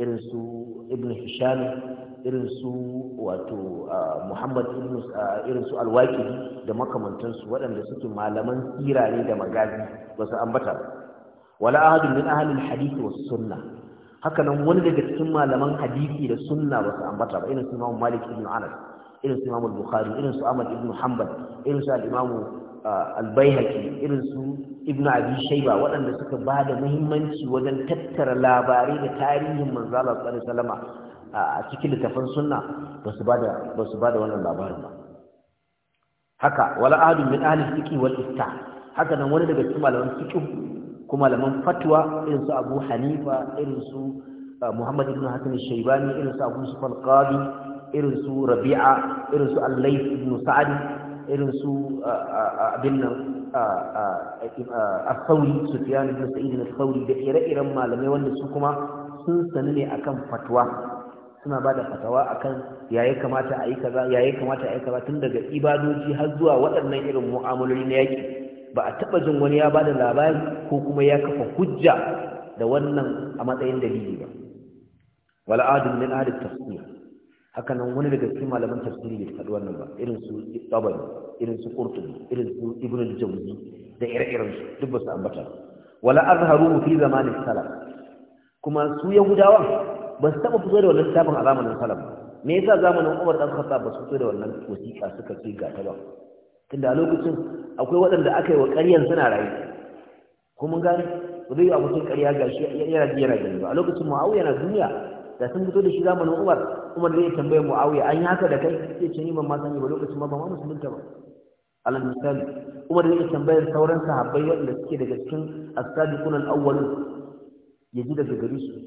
irin su ibnu hisham irin su wato ah, muhammad ibn ah, irin su alwaki da makamantansu waɗanda suke malaman sira ne da magazi ba su ambata ba wala ahadun min ahli al-hadith was sunnah haka nan wani daga cikin malaman hadisi da sunna ba su ambata ba irin su Imam Malik ibn Anas irin su Imam Bukhari irin su Ahmad ibn Hanbal irin su al-Imam uh, al-Baihaqi irin su Ibn Abi Shayba waɗanda suka ba da muhimmanci wajen tattara labarai da tarihin manzo Allah sallallahu alaihi wasallam uh, a cikin littafin sunna ba su ba da ba su ba da wannan labarin ba haka wala ahadun min ahli fiqh wal istah haka nan wani daga cikin malaman fiqh kuma malaman fatwa irin su Abu Hanifa irin su uh, Muhammad ibn Hasan al-Shaybani irin su Abu Sufyan al-Qadi irin su Rabi'a irin su Al-Layth ibn Sa'd irin su uh, uh, abin al-Thawri Sufyan ibn Sa'id al-Thawri da ire-iren malamai wanda su kuma sun sani ne akan fatwa suna ba da fatawa akan yayi kamata a yi kaza yayi kamata a yi kaza tun daga ibadoji har zuwa waɗannan irin mu'amaloli na yaki ba a taɓa jin wani ya ba da labari ko kuma ya kafa hujja da wannan a matsayin dalili ba wala adun min ahli tafsir haka nan wani daga cikin malaman tafsiri bai faɗi wannan ba irin su tabari irin su qurtubi irin su ibnu al-jawzi da ire-iren su duk ba su ambata wala azharu fi zamanin salaf kuma su yahudawa ba su taɓa fito da wannan littafin a zamanin salaf me yasa zamanin umar dan khattab ba su fito da wannan wasiƙa suka ce ga ta ba tunda a lokacin akwai waɗanda aka yi wa ƙaryan suna rayu kuma gani ba zai yi wa mutum ƙarya ga shi yana ji yana gani ba a lokacin muawiya na duniya da sun fito da shi zamanin umar umar zai tambaye muawiya an yi haka da kai sai ce ni ban ma sani ba lokacin ma ba ma musulunta ba alal misali umar zai tambayar sauran sahabbai waɗanda suke daga cikin as kunan al ya ji daga gari su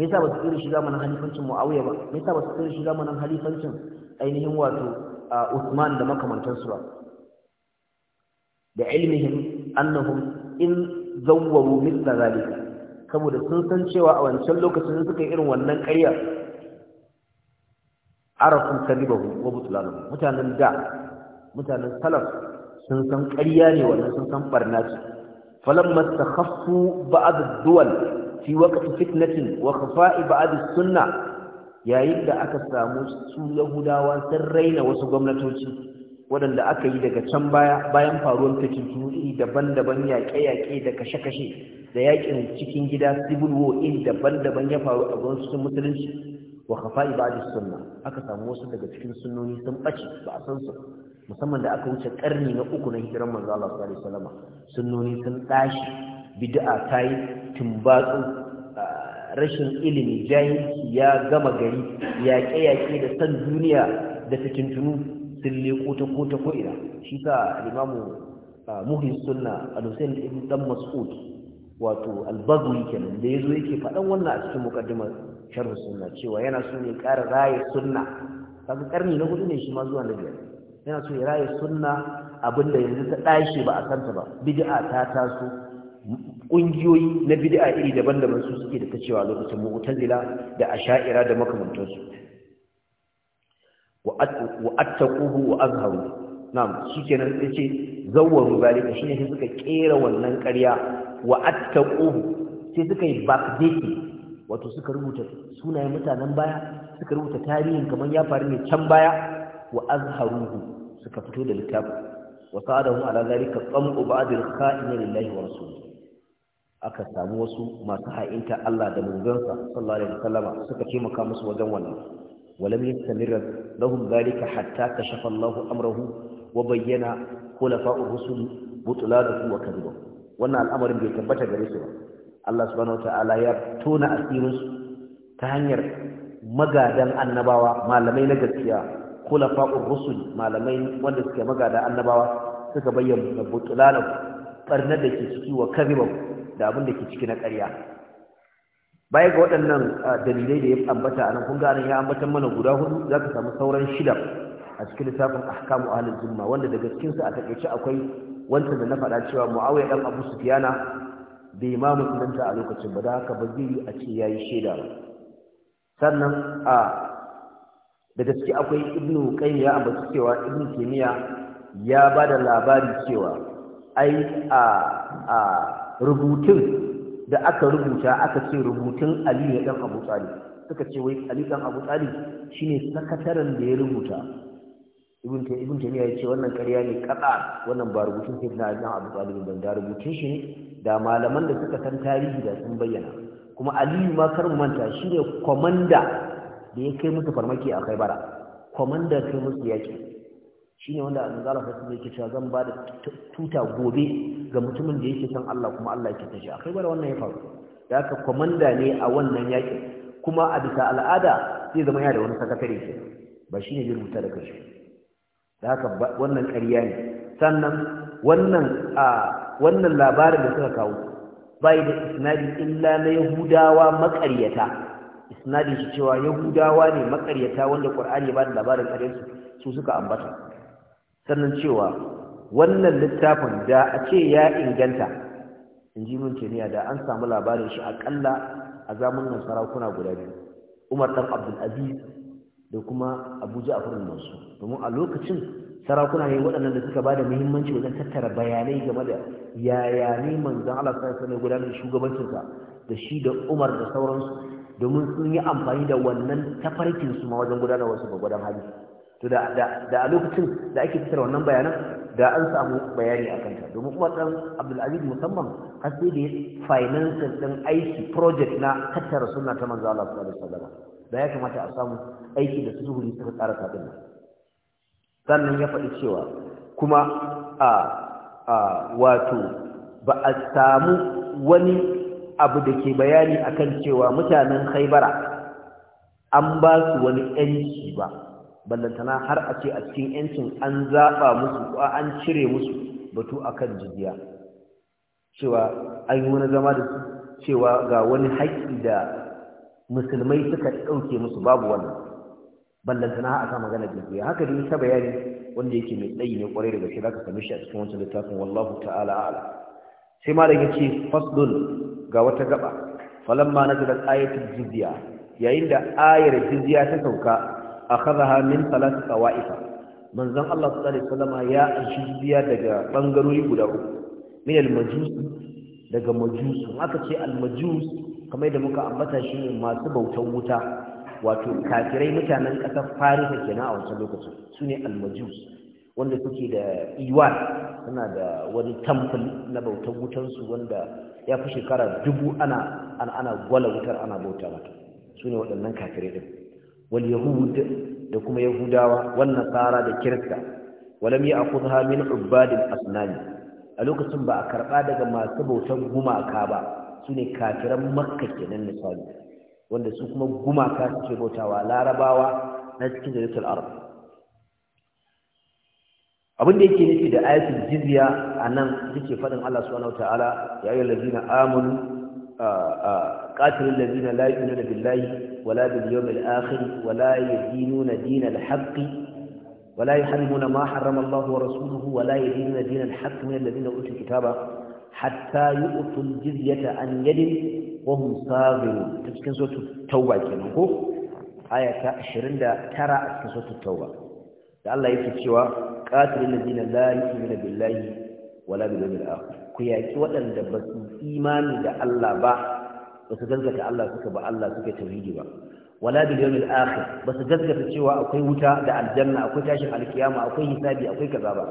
me yasa ba su tsira shi zamanin halifancin muawiya ba me yasa ba su tsira shi zamanin halifancin ainihin wato Usman da makamantansu ba da ilmihim annahum in zawwaru mithla zalika saboda sun san cewa a wancan lokacin suka yi irin wannan ƙarya arafu kadibahu wa butlanahu mutanen da mutanen salaf sun san ƙarya ne wannan sun san barna ce falamma takhaffu ba'd ad-duwal fi waqti fitnatin wa khafa'i ba'd as yayin da aka samu su yahudawa sun raina wasu gwamnatoci waɗanda aka yi daga can baya bayan faruwar ta iri daban-daban yaƙe-yaƙe da kashe-kashe da yaƙin cikin gida civil war in daban-daban ya faru a sun musulunci wa kafa ibadu sunna aka samu wasu daga cikin sunnoni sun ɓace ba a san su musamman da aka wuce ƙarni na uku na hijiran manzo Allah sallallahu alaihi wasallam sunnoni sun tashi bid'a ta yi tumbatsu rashin ilimi jahilci ya gama gari yaƙe-yaƙe da san duniya da fitintunu sun ko ta ko ta ko'ina shi sa limamu muhin sunna al-hussein ibn dan mas'ud wato al-bagwi kenan da yazo yake faɗan wannan a cikin mukaddimar sharh sunna cewa yana so ne ƙara raye sunna kaga karni na hudu ne shi ma zuwa na biyar yana so ya raye sunna abinda yanzu ta ɗashe ba a santa ba bid'a ta taso ƙungiyoyi na bid'a iri daban-daban su suke da ta cewa lokacin mu'tazila da asha'ira da makamantansu wa'attakuhu wa azharu na'am shikenan sai ce zawwaru zalika shine sai suka kera wannan ƙarya wa'attakuhu sai suka yi backdating wato suka rubuta sunayen mutanen baya suka rubuta tarihin kamar ya faru ne can baya wa azharuhu suka fito da littafi wa sa'adahu ala zalika qamu ba'dil kha'ina lillahi wa rasulihi aka samu wasu masu ha'inta Allah da manzonsa sallallahu alaihi wasallama suka taimaka musu wajen wannan ولم يستمر لهم ذلك حتى كشف الله أمره وبين خلفاء الرسل بطلانه وكذبه وأن الأمر بيتبت جريسه الله سبحانه وتعالى يبتون أسيرس تهنير مقادا النباوة ما لم ينقذ خلفاء الرسل ما لم ينقذ مقادا النباوة suka bayyana butulalahu barnar da ke ciki wa kazibau da abin da ke ciki na ƙarya baya ga waɗannan ah, dalilai da ya ambata a nan kun ga ya ambatan mana guda hudu za ka samu sauran shida a cikin lissafin ahkamu ahlul zimma wanda daga cikin su a takaice akwai wancan da na faɗa cewa muawiya dan abu sufyana bai ma ta a lokacin ba da haka ba zai yi a ce yayi shaida ba sannan a daga gaske akwai ibnu qayyim ya ambata cewa ibnu Kimiya ya ba da labari cewa ai a a rubutun da aka rubuta aka ce rubutun Ali ya dan Abu Talib suka ce wai Ali dan Abu Talib shine sakataren da ya rubuta Ibn Taymiyyah Ibn Taymiyyah ya ce wannan ƙarya ne kada wannan ba rubutun sai na dan Abu Talib ban da rubutun shi ne da malaman da suka san tarihi da sun bayyana kuma Ali ma kar mu manta shine kwamanda da ya kai musu farmaki a Khaibar Kwamanda kai musu yaƙi. Shi ne wanda manzo zara sai yake kisha zan ba da tuta gobe ga mutumin da yake san Allah kuma Allah yake tashi akwai bada wannan ya faru da ka kwamanda ne a wannan yakin kuma a bisa al'ada zai zama yana da wani sakatare ke ba shi ne zai rubuta da kashi da haka wannan ƙarya ne sannan wannan a wannan labarin da suka kawo bai da isnadi illa na yahudawa maƙaryata isnadi shi cewa yahudawa ne maƙaryata wanda ƙwar'ani ya ba da labarin ƙaryarsu su suka ambata sannan cewa wannan littafin da a ce ya inganta in ji mun da an samu labarin shi aƙalla a zamanin sarakuna guda biyu umar ɗan abdulaziz da kuma abuja a furin masu domin a lokacin sarakuna ne waɗannan da suka ba da muhimmanci wajen tattara bayanai game da yaya ne manzan alasar sa ne gudanar shugabancinsa da shi da umar da sauransu domin sun yi amfani da wannan tafarkinsu ma wajen gudanar wasu gwagwadon hali to da da a lokacin da ake fitar wannan bayanan da an samu bayani a kanta domin kuma ɗan abdulaziz musamman har sai da finance ɗin aiki project na tattara suna ta manzo Allah sallallahu alaihi da ya kamata a samu aiki da zuhuri ta tsara kafin nan sannan ya faɗi cewa kuma a a wato ba a samu wani abu da ke bayani akan cewa mutanen Khaibara an ba su wani yanci ba ballantana har a ce a cikin yancin an zaɓa musu ko an cire musu batu akan jizya cewa an yi wani zama da su cewa ga wani haƙƙi da musulmai suka ɗauke musu babu wannan ballantana a sa magana jizya haka dai ta bayani wanda yake mai tsayi ne kwarai daga shi zaka shi a cikin wancan littafin wallahu ta'ala a'ala sai malam yace faslun ga wata gaba falamma nazalat ayatul jizya yayin da ayar jizya ta sauka akhadha min salati qawaifa manzon Allah sallallahu alaihi ya anshi biya daga bangarori guda uku min al-majus daga majus aka ce al-majus kamar da muka ambata shi ne masu bautar wuta wato kafirai mutanen kasar Farisa kenan a wancan lokacin sune al-majus wanda suke da iwan suna da wani tamfil na bautar wutansu wanda ya fi shekara dubu ana ana gwala wutar ana bauta mata su ne waɗannan kafirai ɗin wal yahud da kuma yahudawa wannan nasara da kirista walam akudha min ubadil asnan a lokacin ba a karba daga masu bautan gumaka ba sune kafiran makka kenan misali wanda su kuma gumaka suke bautawa larabawa na cikin jarisul arab abin da yake nufi da ayatul jizya nan yake fadin Allah subhanahu ta'ala ya ayyuhallazina amanu قاتل الذين لا يؤمنون بالله ولا باليوم الآخر ولا يدينون دين الحق ولا يحرمون ما حرم الله ورسوله ولا يدينون دين الحق من الذين أوتوا الكتاب حتى يؤتوا الجزية عن يد وهم صاغرون تسكن سورة التوبة كنكو آية 20 ترى تسكن سورة التوبة الله يكتشوا قاتل الذين لا يؤمنون بالله ولا باليوم الآخر كياكي ودن دبسوا إيمان دا الله با ba su gaskata Allah suka ba Allah suka tauhidi ba wala bil yawmil akhir ba su gaskata cewa akwai wuta da aljanna akwai tashin alkiyama akwai hisabi akwai kaza ba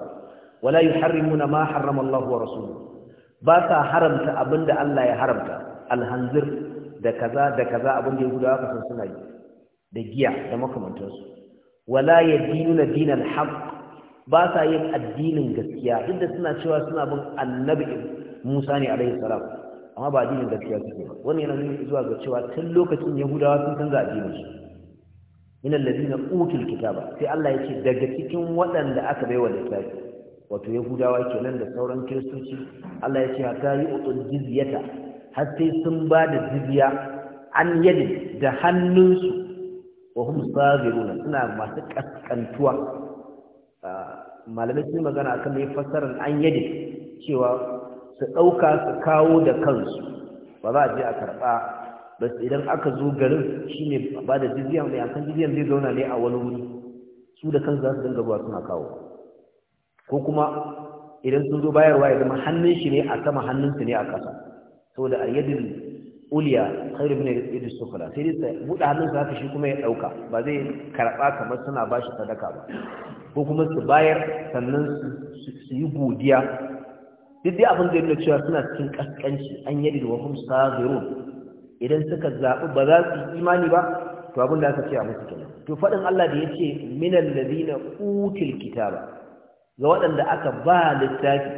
wala yuharrimuna ma harrama Allah wa rasuluhu ba sa haramta abinda Allah ya haramta alhanzir da kaza da kaza abinda ya gudawa kasan suna yi da giya da makamantansu wala yadinuna dinal haqq ba sa yin addinin gaskiya duk da suna cewa suna bin annabi Musa ne alaihi salam amma ba addinin gaskiya suke ba wannan yana nuna zuwa ga cewa tun lokacin yahudawa sun canza addinin su min ladina utul kitaba sai Allah ya daga cikin waɗanda aka baiwa littafi wato yahudawa kenan da sauran kiristoci Allah ya ce hatta yu'tul jizyata har sai sun ba da jizya an yadi da hannunsu wa hum sabiruna suna masu kaskantuwa ah, malamai sun magana akan mai fassarar an yadi cewa su ɗauka su kawo da kansu ba za a je a karɓa ba idan aka zo garin shi ne ba da jiziya mai akan jiziyan zai zauna ne a wani wuri su da kansu za su dinga zuwa suna kawo ko kuma idan sun zo bayarwa ya zama hannun shi ne a sama hannunsu ne a ƙasa saboda a yadda uliya khairu min yadi sufla sai dai buɗe hannunsa haka shi kuma ya ɗauka ba zai karɓa kamar suna ba shi sadaka ba ko kuma su bayar sannan su yi godiya duk abin da yana cewa suna cikin kaskanci an yi da wahum sabirun idan suka zaɓi ba za su imani ba to abin da aka ce a musu kenan to faɗin Allah da yace minal ladina util kitaba ga waɗanda aka ba littafi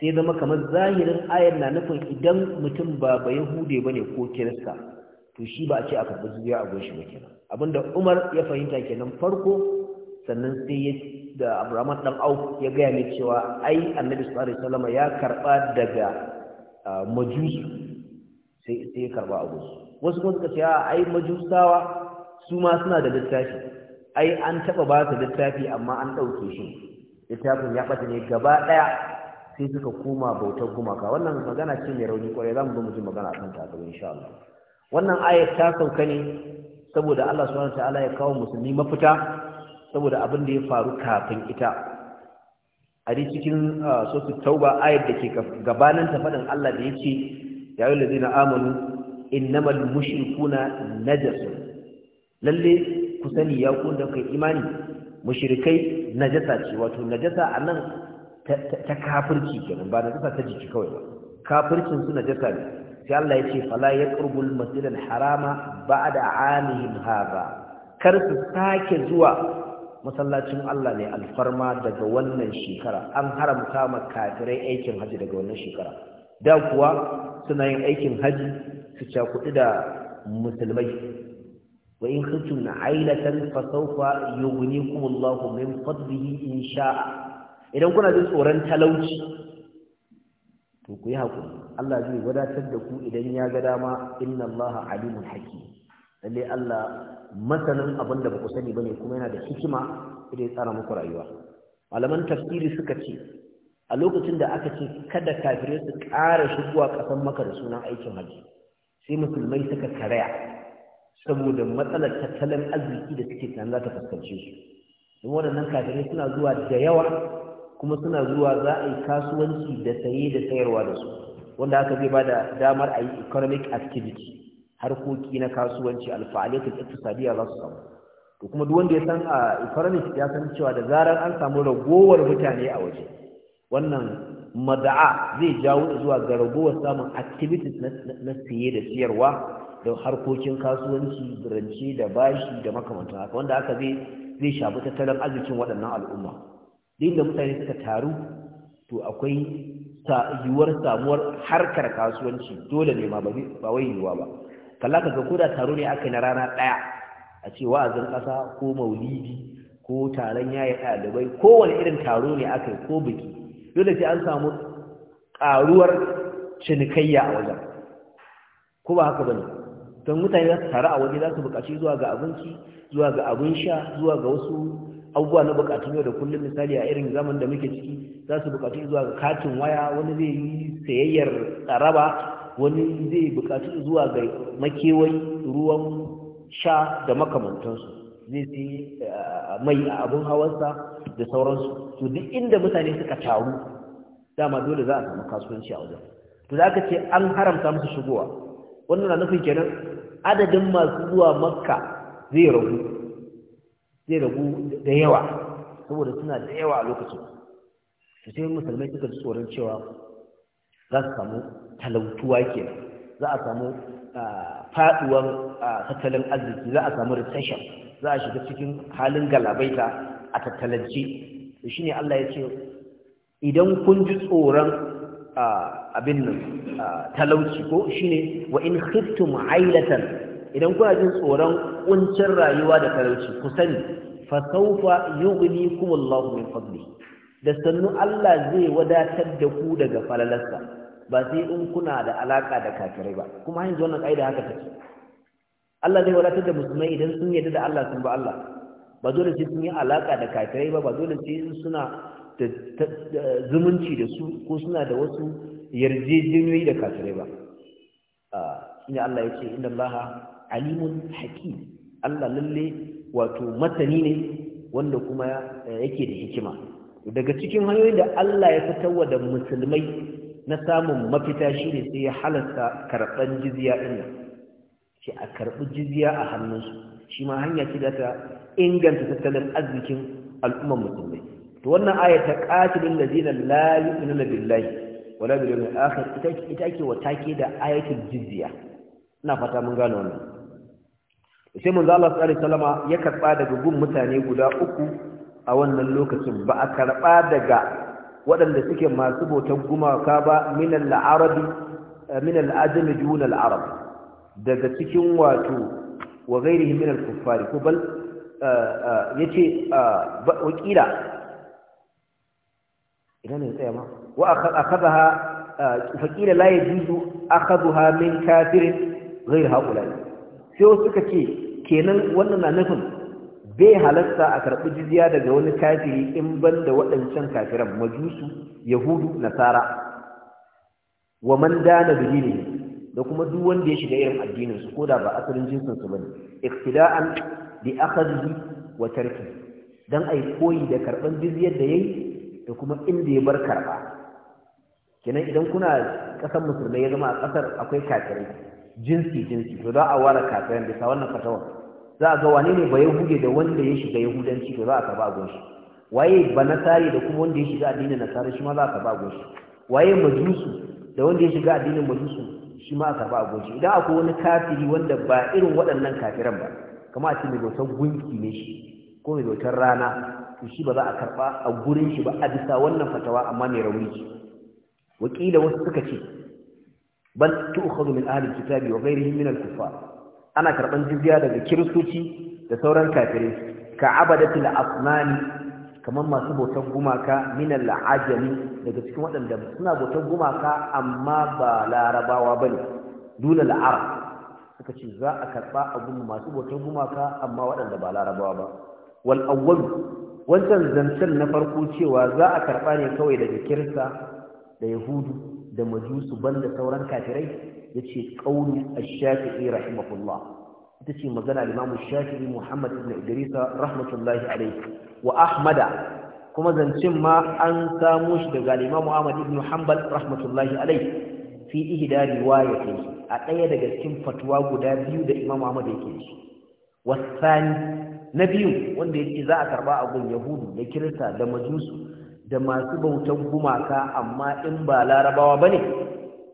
sai zama kamar zahirin ayar na nufin idan mutum ba ba yahude bane ko kirista to shi ba a ce a karɓi zuwa a goshi ba kenan abinda Umar ya fahimta kenan farko sannan sai ya da abraham dan auk ya gaya mai cewa ai Annabi sallallahu alaihi wasallam ya karba daga majusi sai sai karba abu wasu kuma suka ce ai majusawa su ma suna da littafi ai an taba ba su littafi amma an dauke shi littafin ya bace ne gaba daya sai suka koma bautar gumaka wannan magana ce mai rauni kwarai zamu mu zo mu ji magana kan ta gaba insha Allah wannan ayat ta sauka ne saboda Allah subhanahu ta'ala ya kawo musulmi mafita saboda abin da ya faru kafin ita a dai cikin sosu ah, tauba ayar da ke gabanin tafadin faɗin Allah da ya ce ya yi na amanu innamal mushrikuna najasu lalle ku sani ya ku da kai imani mushrikai najasa ce wato najasa a nan ta kafirci kenan ba najasa ta jiki kawai ba kafircin su najasa ne sai Allah ya ce fala ya yaqrubul masjidal harama Ba ba'da amihim hadha kar su sake zuwa masallacin Allah ne alfarma daga wannan shekara an haramta ma kafirai aikin haji daga wannan shekara da kuwa suna yin aikin haji su cakuɗi da musulmai wa in kuntum ailatan fa sawfa yughnikum Allahu min fadlihi in sha'a idan kuna jin tsoron talauci to ku yi hakuri Allah zai wadatar da ku idan ya ga dama inna Allaha alimun hakim lalle Allah masanin abin da ba ku sani ba ne kuma yana da hikima idan ya tsara muku rayuwa malaman tafsiri suka ce a lokacin da aka ce kada kafirai su ƙara shigowa ƙasar maka da sunan aikin haji sai musulmai suka karaya saboda matsalar tattalin arziki da suke tunanin ta fuskance su don waɗannan kafirai suna zuwa da yawa kuma suna zuwa za a yi kasuwanci da saye da sayarwa da su wanda aka zai ba da damar a yi economic activity harkoki na kasuwanci alfa'aliyatul iktisadiyya za su samu to kuma duk wanda ya san a economics ya san cewa da zarar an samu ragowar mutane a waje wannan mada'a zai jawo zuwa ga ragowar samun activities na siye da siyarwa da harkokin kasuwanci rance da bashi da makamantan haka wanda aka zai zai shafi tattalin arzikin waɗannan al'umma duk da mutane suka taru to akwai yiwuwar samuwar harkar kasuwanci dole ne ma ba wai yiwuwa ba kallaka ga koda taro ne aka yi na rana ɗaya a ce wa'azin ƙasa ko maulidi ko taron yaya ɗalibai kowane irin taro ne aka yi ko biki dole sai an samu ƙaruwar cinikayya a wajen ko ba haka bane don mutane za su taru a waje za su buƙaci zuwa ga abinci zuwa ga abin sha zuwa ga wasu abubuwa na buƙatun yau da kullum misali a irin zaman da muke ciki za su buƙaci zuwa ga katin waya wani zai yi sayayyar tsaraba wani zai bukatu zuwa ga makewai, ruwan sha da makamantansu zai fi eh, mai a abin hawansa da sauransu to duk inda mutane suka taru dama dole za a samu kasuwanci a wajen to da aka ce an haramta musu shigowa wannan na nufin kenan adadin masu zuwa makka zai ragu zai ragu da yawa saboda suna da yawa a lokacin to sai musulmai suka ji tsoron cewa za su samu talautuwa ke za a samu faduwar tattalin arziki za a samu recession za a shiga cikin halin galabaita a tattalance shi ne Allah ya ce idan kun ji tsoron abin nan talauci ko shi ne wa in khiftum ailatan idan kuna jin tsoron kuncin rayuwa da talauci ku sani fa sawfa yughnikum Allahu min fadli da sannu Allah zai wadatar da ku daga falalarsa ba sai in kuna da alaka da kafirai ba kuma yanzu wannan kaida haka take Allah zai wadatar da musulmai idan sun yarda da Allah sun ba Allah ba dole sai sun yi alaka da kafirai ba ba dole sai suna da zumunci da su ko suna da wasu yarjejeniyoyi da kafirai ba ah, inda Allah ya ce inda Allah alimun hakim Allah lalle wato matani ne wanda kuma yake da hikima daga cikin hanyoyin da Allah ya fitarwa da musulmai na samun mafita shi ne sai ya halasta karɓar jizya ɗin nan shi a karɓi jizya a hannunsu shi ma hanya ce da ta inganta tattalin arzikin al'ummar musulmai to wannan aya ta zina ladina ina na billahi wala bi yawmin akhir ita ke ake wa take da ayatul jizya ina fata mun gane wannan sai manzo Allah sallallahu alaihi wasallama ya karɓa daga gun mutane guda uku a wannan lokacin ba a karɓa daga waɗanda suke masu bautan gumaka ba minal arabi eh, minal ajami dun al arab daga cikin wato wa ghairihi min al kuffari ko bal eh, eh, ya ce wakila idan ne tsaya ma wa akhadha fakila a yajuzu ha min kafirin ghair haula sai suka ce kenan wannan na nufin bai halatta a karɓi jiziya daga wani kafiri in ban da waɗancan kafiran majusu yahudu nasara wa man dana ne. da kuma duk wanda ya shiga irin addininsu ko da ba asalin jinsin su bane iktida'an bi akhadhi wa tarki dan ai koyi da karban jizyar da yayi da kuma inda ya bar karba kenan idan kuna kasar musulmai ya zama a kasar akwai kafirai jinsi jinsi to za a ware kafirai bisa wannan fatawa za a ga wane ne ba ya buge da wanda ya shiga yahudanci ba za a karba agon shi waye ba nasare da kuma wanda ya shiga addinin nasara shi ma za a karba agon shi waye majusu da wanda ya shiga addinin majusu shi ma a karba agon shi idan akwai wani kafiri wanda ba irin waɗannan kafiran ba kama a ce mai bautar gunki ne shi ko mai bautar rana to shi ba za a karba a gurin shi ba a bisa wannan fatawa amma mai rauni ce wakila wasu suka ce bal tu'khadhu min ahli kitabi wa ghayrihim min al-kuffar ana karɓar jizya daga kiristoci da sauran kafirai ka abadatul asnani kamar masu bautan gumaka minal ajami daga cikin waɗanda suna bautan gumaka amma ba larabawa bane dole al'arab suka ce za a karɓa abin masu bautan gumaka amma waɗanda ba larabawa ba wal awwal wancan zancen na farko cewa za a karɓa ne kawai daga kirista da yahudu da majusu banda sauran kafirai yace qaulu a shafii rahimahullah ita ce magana Imam Shafi'i Muhammad ibn Idris rahmatullahi wa Ahmada kuma zancin ma an samu shi daga Imam Ahmad ibn Hanbal rahmatullahi alayhi fi ihda riwayatin a ɗaya daga cikin fatwa guda biyu da Imam Ahmad yake shi wasani na biyu wanda ce za a karba a Yahudu da Kirista da Majusu da masu bautan gumaka amma in ba larabawa ba ne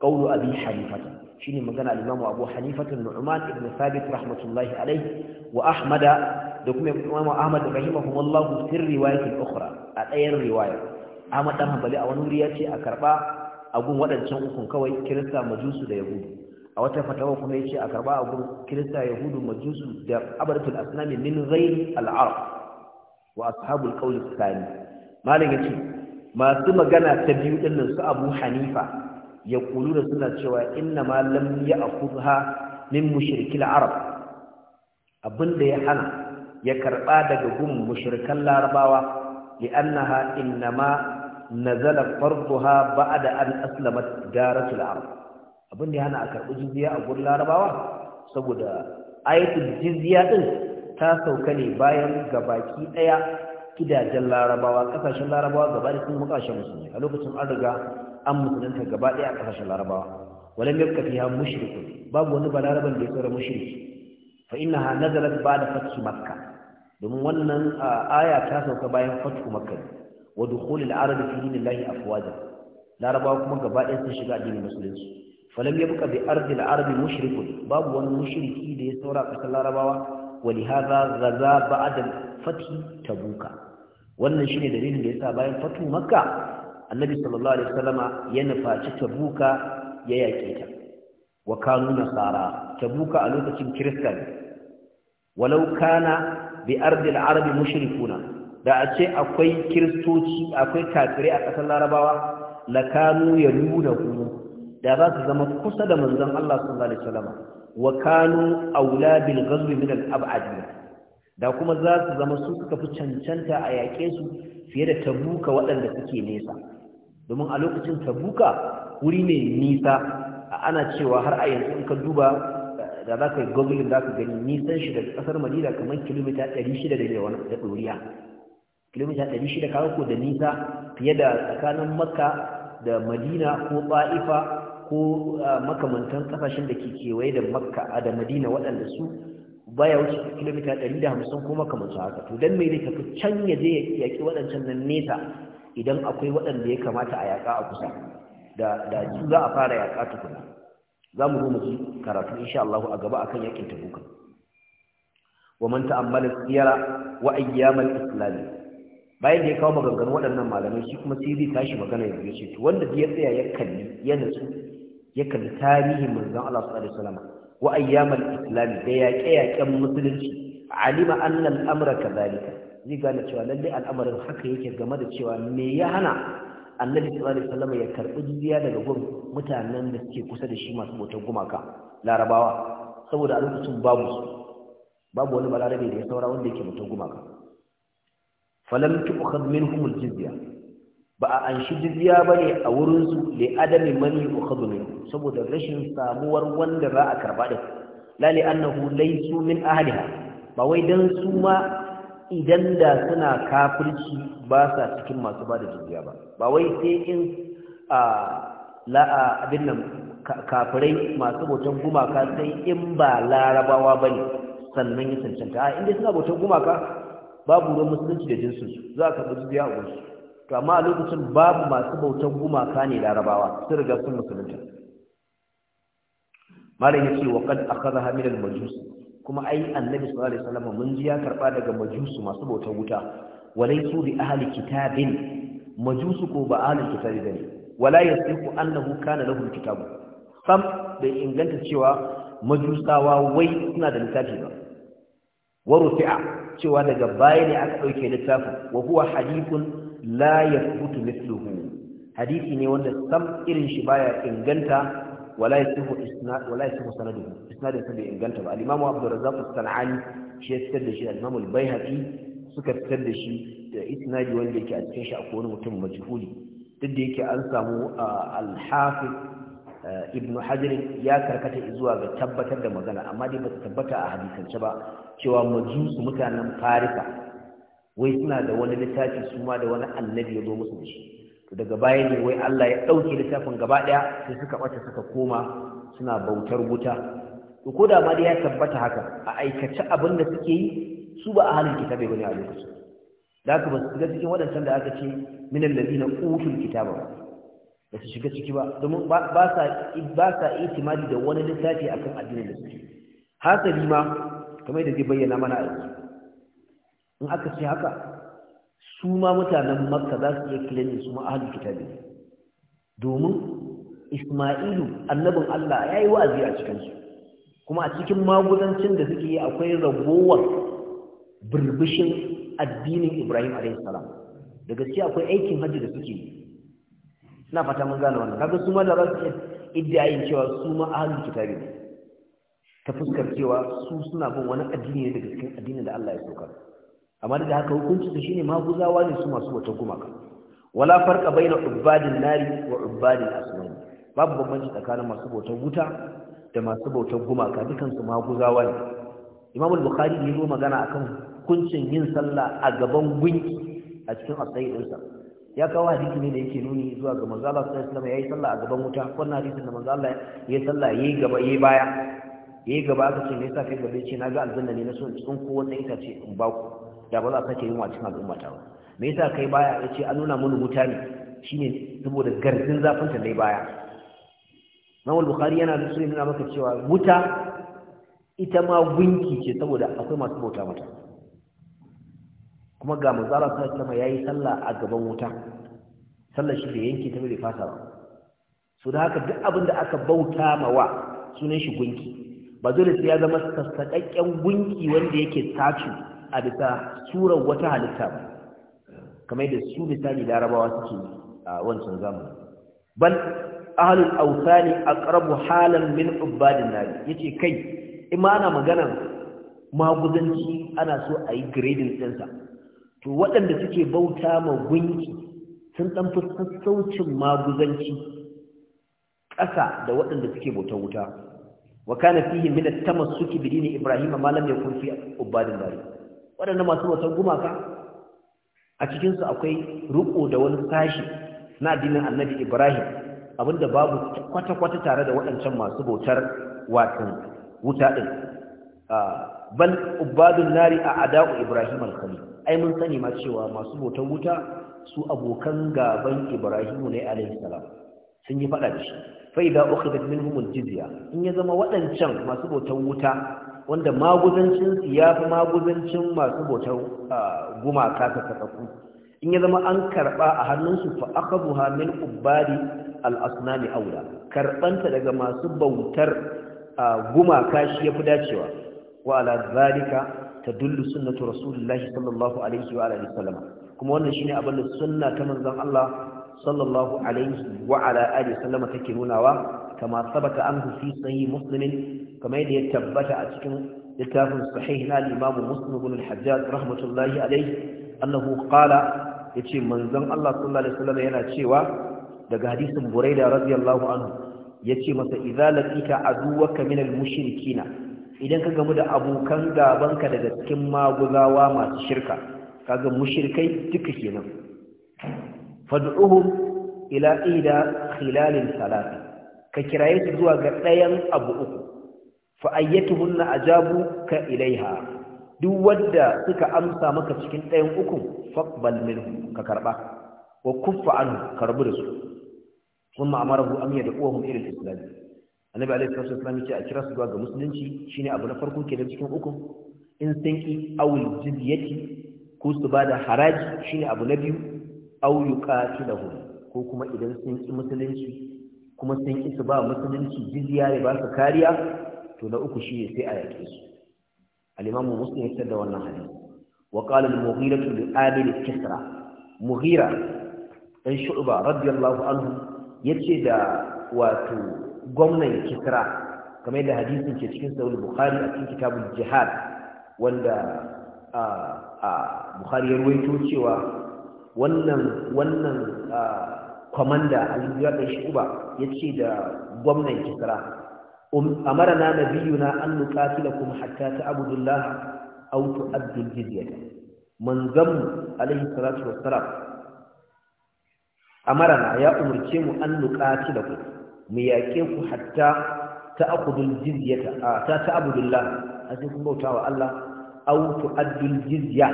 ƙaunu abi hanifa shine magana al-Imam Abu Hanifa an-Nu'man ibn Thabit rahmatullahi alayhi wa Ahmad da kuma Imam Ahmad rahimahumullah fi riwayatin ukhra a ɗayan riwaya Ahmad dan Hanbali a wani wuri ya ce a karba agun waɗancan ukun kawai Kirista Majusu da Yahudu a wata fatawa kuma ya ce a karba agun Kirista Yahudu Majusu da abadatul asnami min ghairi al-Arab wa ashabul qawl al-thani malam yace masu magana ta biyu dinnan su Abu Hanifa ya da suna cewa inna ma lam ya akudha min mushrikil arab abinda ya hana ya karba daga gun mushrikan larabawa li'annaha innama nazala farduha ba'da an aslamat daratul arab abinda ya hana a karbi jizya a gurin larabawa saboda ayatul jizya din ta sauka ne bayan gabaki daya gidajen larabawa kasashen larabawa gaba da sun mukashe musulmi a lokacin an riga an musulunta gaba ɗaya a ƙasashen larabawa walam yabqa fiha mushrikun babu wani balaraban da ya tsora mushriki fa innaha nazalat ba'da faki makka domin wannan aya ta sauka bayan fathu makka wa dukhul al-arab fi dinillahi afwaja larabawa kuma gaba ɗaya sun shiga addinin musulunci falam yabqa bi ardi al mushrikun babu wani mushriki da ya tsora ƙasar larabawa ولهذا غزا بعد الفتح تبوك wannan shine dalilin da yasa bayan fatu makka annabi sallallahu alaihi wasallama ya nufaci tabuka ya yake ta wa kanu nasara tabuka a lokacin kristan walau kana bi ardil arabi mushrikuna da a ce akwai kiristoci akwai kafirai a ƙasar larabawa la kanu nuna hu da za su zama kusa da manzon Allah sallallahu alaihi wasallama wa kanu aula bil ghazwi min al da kuma za su zama su suka fi cancanta a yaƙe su fiye da tabuka waɗanda suke nesa domin a lokacin tabuka wuri ne nisa ana cewa har a yanzu in ka duba da za ka yi gogulin za ka gani nisan shi daga kasar madina kamar kilomita 600 da yawan da ɗoriya kilomita 600 kawo ko da nisa fiye da tsakanin makka da madina ko ba'ifa ko makamantan kasashen da ke kewaye da makka da madina waɗanda su baya wuce kilomita 150 ko makamantan haka to don mai ne tafi can ya je ya waɗancan wadancan nan nesa idan akwai waɗanda ya kamata a yaƙa a kusa da su za a fara yaƙa tukuna za mu zo mu ji karatu insha Allah a gaba akan yakin tabuka wa man ta'ammala siyara wa ayyam al-islam bayan da ya kawo maganganun waɗannan malamai shi kuma sai zai tashi magana ya ce to wanda ya tsaya ya kalli ya nutsu ya kalli tarihin manzon Allah sallallahu alaihi wasallam wa ayyam al da yaƙe-yaƙen musulunci alima annal amra kadhalika zai gane cewa lalle al'amarin haka yake game da cewa me ya hana annabi sallallahu alaihi wasallam ya karbi jiziya daga gurin mutanen da suke kusa da shi masu bautar gumaka larabawa saboda a lokacin babu su babu wani balarabe da ya saura wanda yake bautar gumaka falam tu'khad minhum al-jizya ba a anshi jizya bane a wurin su li adami man yu'khad minhu saboda rashin samuwar wanda za a karba da la annahu laysu min ahliha ba wai dan su ma idan da suna kafirci ba sa cikin masu ba da ba ba wai sai in la'a abin nan kafirai masu bautan gumaka sai in ba larabawa ba ne sannan yi cancanta a inda suna bautan gumaka babu ruwan musulunci da jinsinsu za ka karɓi jizya a to amma a lokacin babu masu bautan gumaka ne larabawa sun riga sun musulunta malam ya ce wa kad akhadha min al majusi kuma ai annabi sallallahu alaihi wasallam mun ji ya karba daga majusu masu bautar wuta walaisu bi ahli kitabin majusu ko ba ahli kitabi bane wala yasiqu annahu kana lahu kitabu sam da inganta cewa majusawa wai suna da littafi ba wa cewa daga baya ne aka dauke littafin wa huwa hadithun la yathbutu mithluhu hadisi ne wanda sam irin shi baya inganta wala yasihu isnad wala yasihu sanaduhu isnadin bai inganta ba al-imamu abdurrazzaq as-sanani shi ya fitar da shi al-imamu al-baihaqi suka fitar da shi da isnadi wanda yake a cikin shi akwai wani mutum majhuli duk da yake an samu al-hafiz ibn hajar ya karkata zuwa ga tabbatar da magana amma dai ba ta tabbata a hadisance ba cewa majusu mutanen farika wai suna da wani littafi su ma da wani annabi ya zo musu da shi daga baya ne wai Allah ya ɗauke littafin gaba ɗaya sai suka ɓata suka koma suna bautar wuta to ko da ma dai ya tabbata haka a aikace abin da suke yi su ba a halin kitabe bane a lokacin da ka ba su cikin waɗancan da aka ce min alladhina utul kitaba ba su shiga ciki ba domin ba sa ba sa itimadi da wani littafi akan addinin da suke hasali ma kamar da zai bayyana mana a in aka ce haka su ma mutanen makka za su iya kilanin su ma ahalin kitabi domin ismailu annabin allah ya yi wa'azi a cikinsu kuma a cikin magudancin da suke yi akwai ragowar birbishin addinin ibrahim a.s. da gaske akwai aikin hajji da suke yi suna fata mun gane wannan kaga su ma da rasu iddiyayin cewa su ma ahalin kitabi ne ta fuskar cewa su suna bin wani addini ne daga cikin addinin da allah ya saukar kamar da haka hukunci su shine maguzawa ne su masu wata gumaka wala farqa baina ubadin nari wa ubadin asnam babu bambanci tsakanin masu bauta wuta da masu bautar gumaka dukan su maguzawa ne imam al-bukhari ne ya magana akan hukuncin yin sallah a gaban gunki a cikin asai dinsa ya kawo hadisi ne da yake nuni zuwa ga manzo Allah sallallahu alaihi wasallam yayi sallah a gaban wuta wannan hadisin da manzo Allah yayi sallah yayi gaba yayi baya yayi gaba aka ce me yasa kai gaba ce naga aljanna ne na so in tsinko wannan ce in ba ku da ba za a sake wa cikin al'umma ta ba me yasa kai baya ya ce an nuna mun wuta ne shine saboda garzin zafin ta ne baya Imam Bukhari yana da sunan nuna maka cewa wuta ita ma gunki ce saboda akwai masu bauta mata kuma ga manzara sallallahu alaihi wasallam yayi sallah a gaban wuta sallar shi da yanke ta bai fasa ba so da haka duk abin da aka bauta ma wa sunan shi gunki ba dole sai ya zama sassaƙaƙƙen gunki wanda yake tacu a bisa surar wata halitta ba kamar da su misali larabawa suke a wancan zamani bal ahlul awsani aqrabu halan min ubadin nabi yace kai ma ana maganar maguzanci ana so a yi grading ɗinsa to waɗanda suke bauta ma gunki sun ɗan fi maguzanci ƙasa da waɗanda suke bauta wuta wa kana fihi min at-tamassuki bi dini ibrahim malam lam yakun fi ubadin nabi waɗanda masu wasan gumaka a cikinsu akwai riƙo da wani sashi na addinin annabi ibrahim abinda babu kwata-kwata tare da waɗancan masu bautar watan wuta ɗin bal ubadun nari a ada'u ibrahim al-khalil ai mun sani ma cewa masu bautar wuta su abokan gaban ibrahim ne alaihi salam sun yi faɗa da shi fa idza ukhidat minhum al-jizya in ya zama waɗancan masu bautar wuta wanda maguzancinsu ya fi maguzancin masu bautar gumaka ta kasaku in ya zama an karɓa a hannunsu fa aka buha min ubbari al'asunami aula karɓanta daga masu bautar gumaka shi ya fi dacewa wa ala zalika ta dullu sunnatu rasulullahi sallallahu alaihi wa alihi sallama kuma wannan shi ne abin da sunna ta manzon Allah sallallahu alaihi wa ala alihi sallama take nunawa kama sabata an fi sahih muslimin kamar yadda ya tabbata a cikin littafin sahih na al-imam muslim ibn al-hajjaj rahmatullahi alayhi annahu qala yace manzon Allah sallallahu alaihi wasallam yana cewa daga hadisin buraida radiyallahu anhu yace masa idza laqita aduwaka min al-mushrikina idan ka gamu da abokan gabanka daga cikin maguzawa masu shirka kaga mushrikai duka kenan fad'uhum ila ida khilalin salati ka kiraye su zuwa ga ɗayan abu uku fa hunna ajabu ka ilaiha duk wanda suka amsa maka cikin ɗayan uku faqbal minhu ka karba wa kuffa an karbu da su kuma amarahu an yad'uhum ila al-islam annabi alaihi salatu wasallam ya a kira su zuwa ga musulunci shine abu na farko ke kenan cikin uku in sun ki awul jizyati ko su bada haraji shine abu na biyu aw yuqatilahum ko kuma idan sun ki musulunci kuma sun isa ba musulunci jizya ya ba su kariya to na uku shi sai a yaƙe su al-imamu muslim ya da wannan hadisi wa qala al-mughira li amir kisra mughira dan shu'ba radiyallahu anhu yace da wato gwamnan kisra kamar da hadisin ke cikin sahih bukhari a cikin kitabul jihad wanda a a bukhari ya ruwaito cewa wannan wannan kwamanda aliyu shi uba ya ce da gwamnan kisra um, amara na biyu na an nukatila kuma hatta ta abudullah autu abdul jizyata manzanmu alaihi salatu wassalam amara na ya umarce mu an nukatila ku mu yaƙe ku hatta ta abudul jizyata a ta ta abudullah a cikin wa Allah autu abdul jizya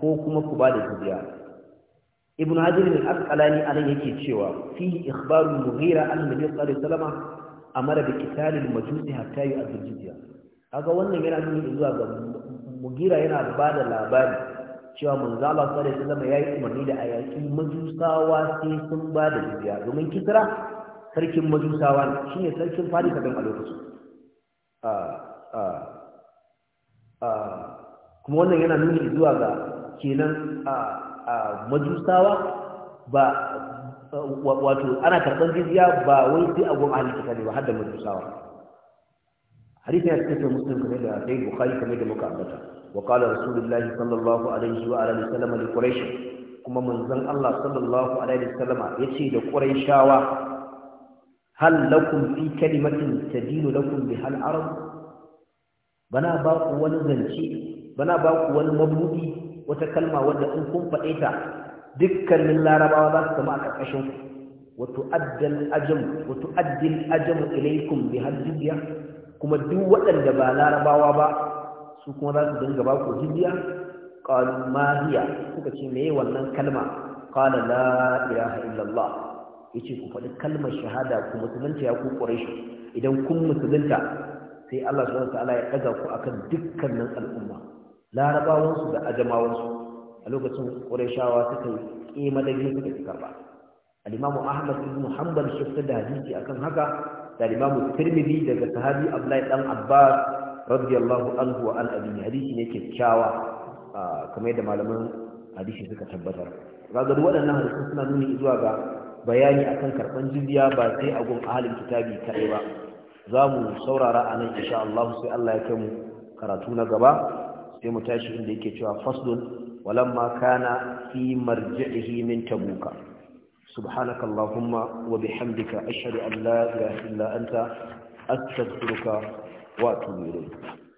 ko kuma ku ba da jizya ibn hajar al-asqalani anan yake cewa fi ikhbarul mughira annabi sallallahu alaihi wasallam amara bi qitalil majusi hatta yu'addu jizya kaga wannan yana nuni zuwa ga mughira yana ba da labari cewa manzo Allah sallallahu alaihi wasallam yayi umarni da ayaki majusawa sai sun bada jizya domin kisra sarkin majusawa ne shine sarkin Fadi dan a lokacin a ah, a ah, a ah. kuma wannan yana nuni zuwa ga kenan a A majusawa ba wato ana karɓar jiziya, ba wai sai a gwamnati ahalin ne ba har da majusawa hadisi ya cikin muslim kamar da sai bukhari kamar da muka ambata wa qala rasulullahi sallallahu alaihi wa alihi wasallam li quraish kuma manzon Allah sallallahu alaihi ya ce da quraishawa hal lakum fi kalimatin tadinu lakum bi hal arab bana ba ku wani zance bana ba ku wani mabudi wata kalma wadda in kun faɗe ta dukkanin larabawa za su zama a ƙarƙashin ku wato addal ajam wato addil ajam ilaikum bi hajjiya kuma duk waɗanda ba larabawa ba su kuma za su dinga ba ku jizya qalu ma hiya kuka ce meye wannan kalma qala la ilaha illallah yace ku faɗi kalmar shahada ku musulunta ya ku quraish idan kun musulunta sai Allah subhanahu wa ta'ala ya daga ku akan dukkanin al'umma larabawansu da ajamawansu a lokacin ƙurashawa suka yi ƙima da suka fi karɓa alimamu ahmad ibn hanbal shi da hadisi akan haka da alimamu tirmidhi daga sahabi abdullahi dan abbas radiyallahu anhu wa al abi hadisi ne kyakkyawa kamar yadda malaman hadisi suka tabbatar kaga duk waɗannan suna nuni zuwa ga bayani akan karɓan jizya ba sai a gun ahalin kitabi kaɗai ba za mu saurara a nan insha Allah sai Allah ya kai mu karatu na gaba sai mu tashi inda yake cewa faslun walamma kana fi marji'ihi min tabuka subhanaka allahumma wa bihamdika ashhadu an la ilaha illa anta astaghfiruka wa atubu ilayk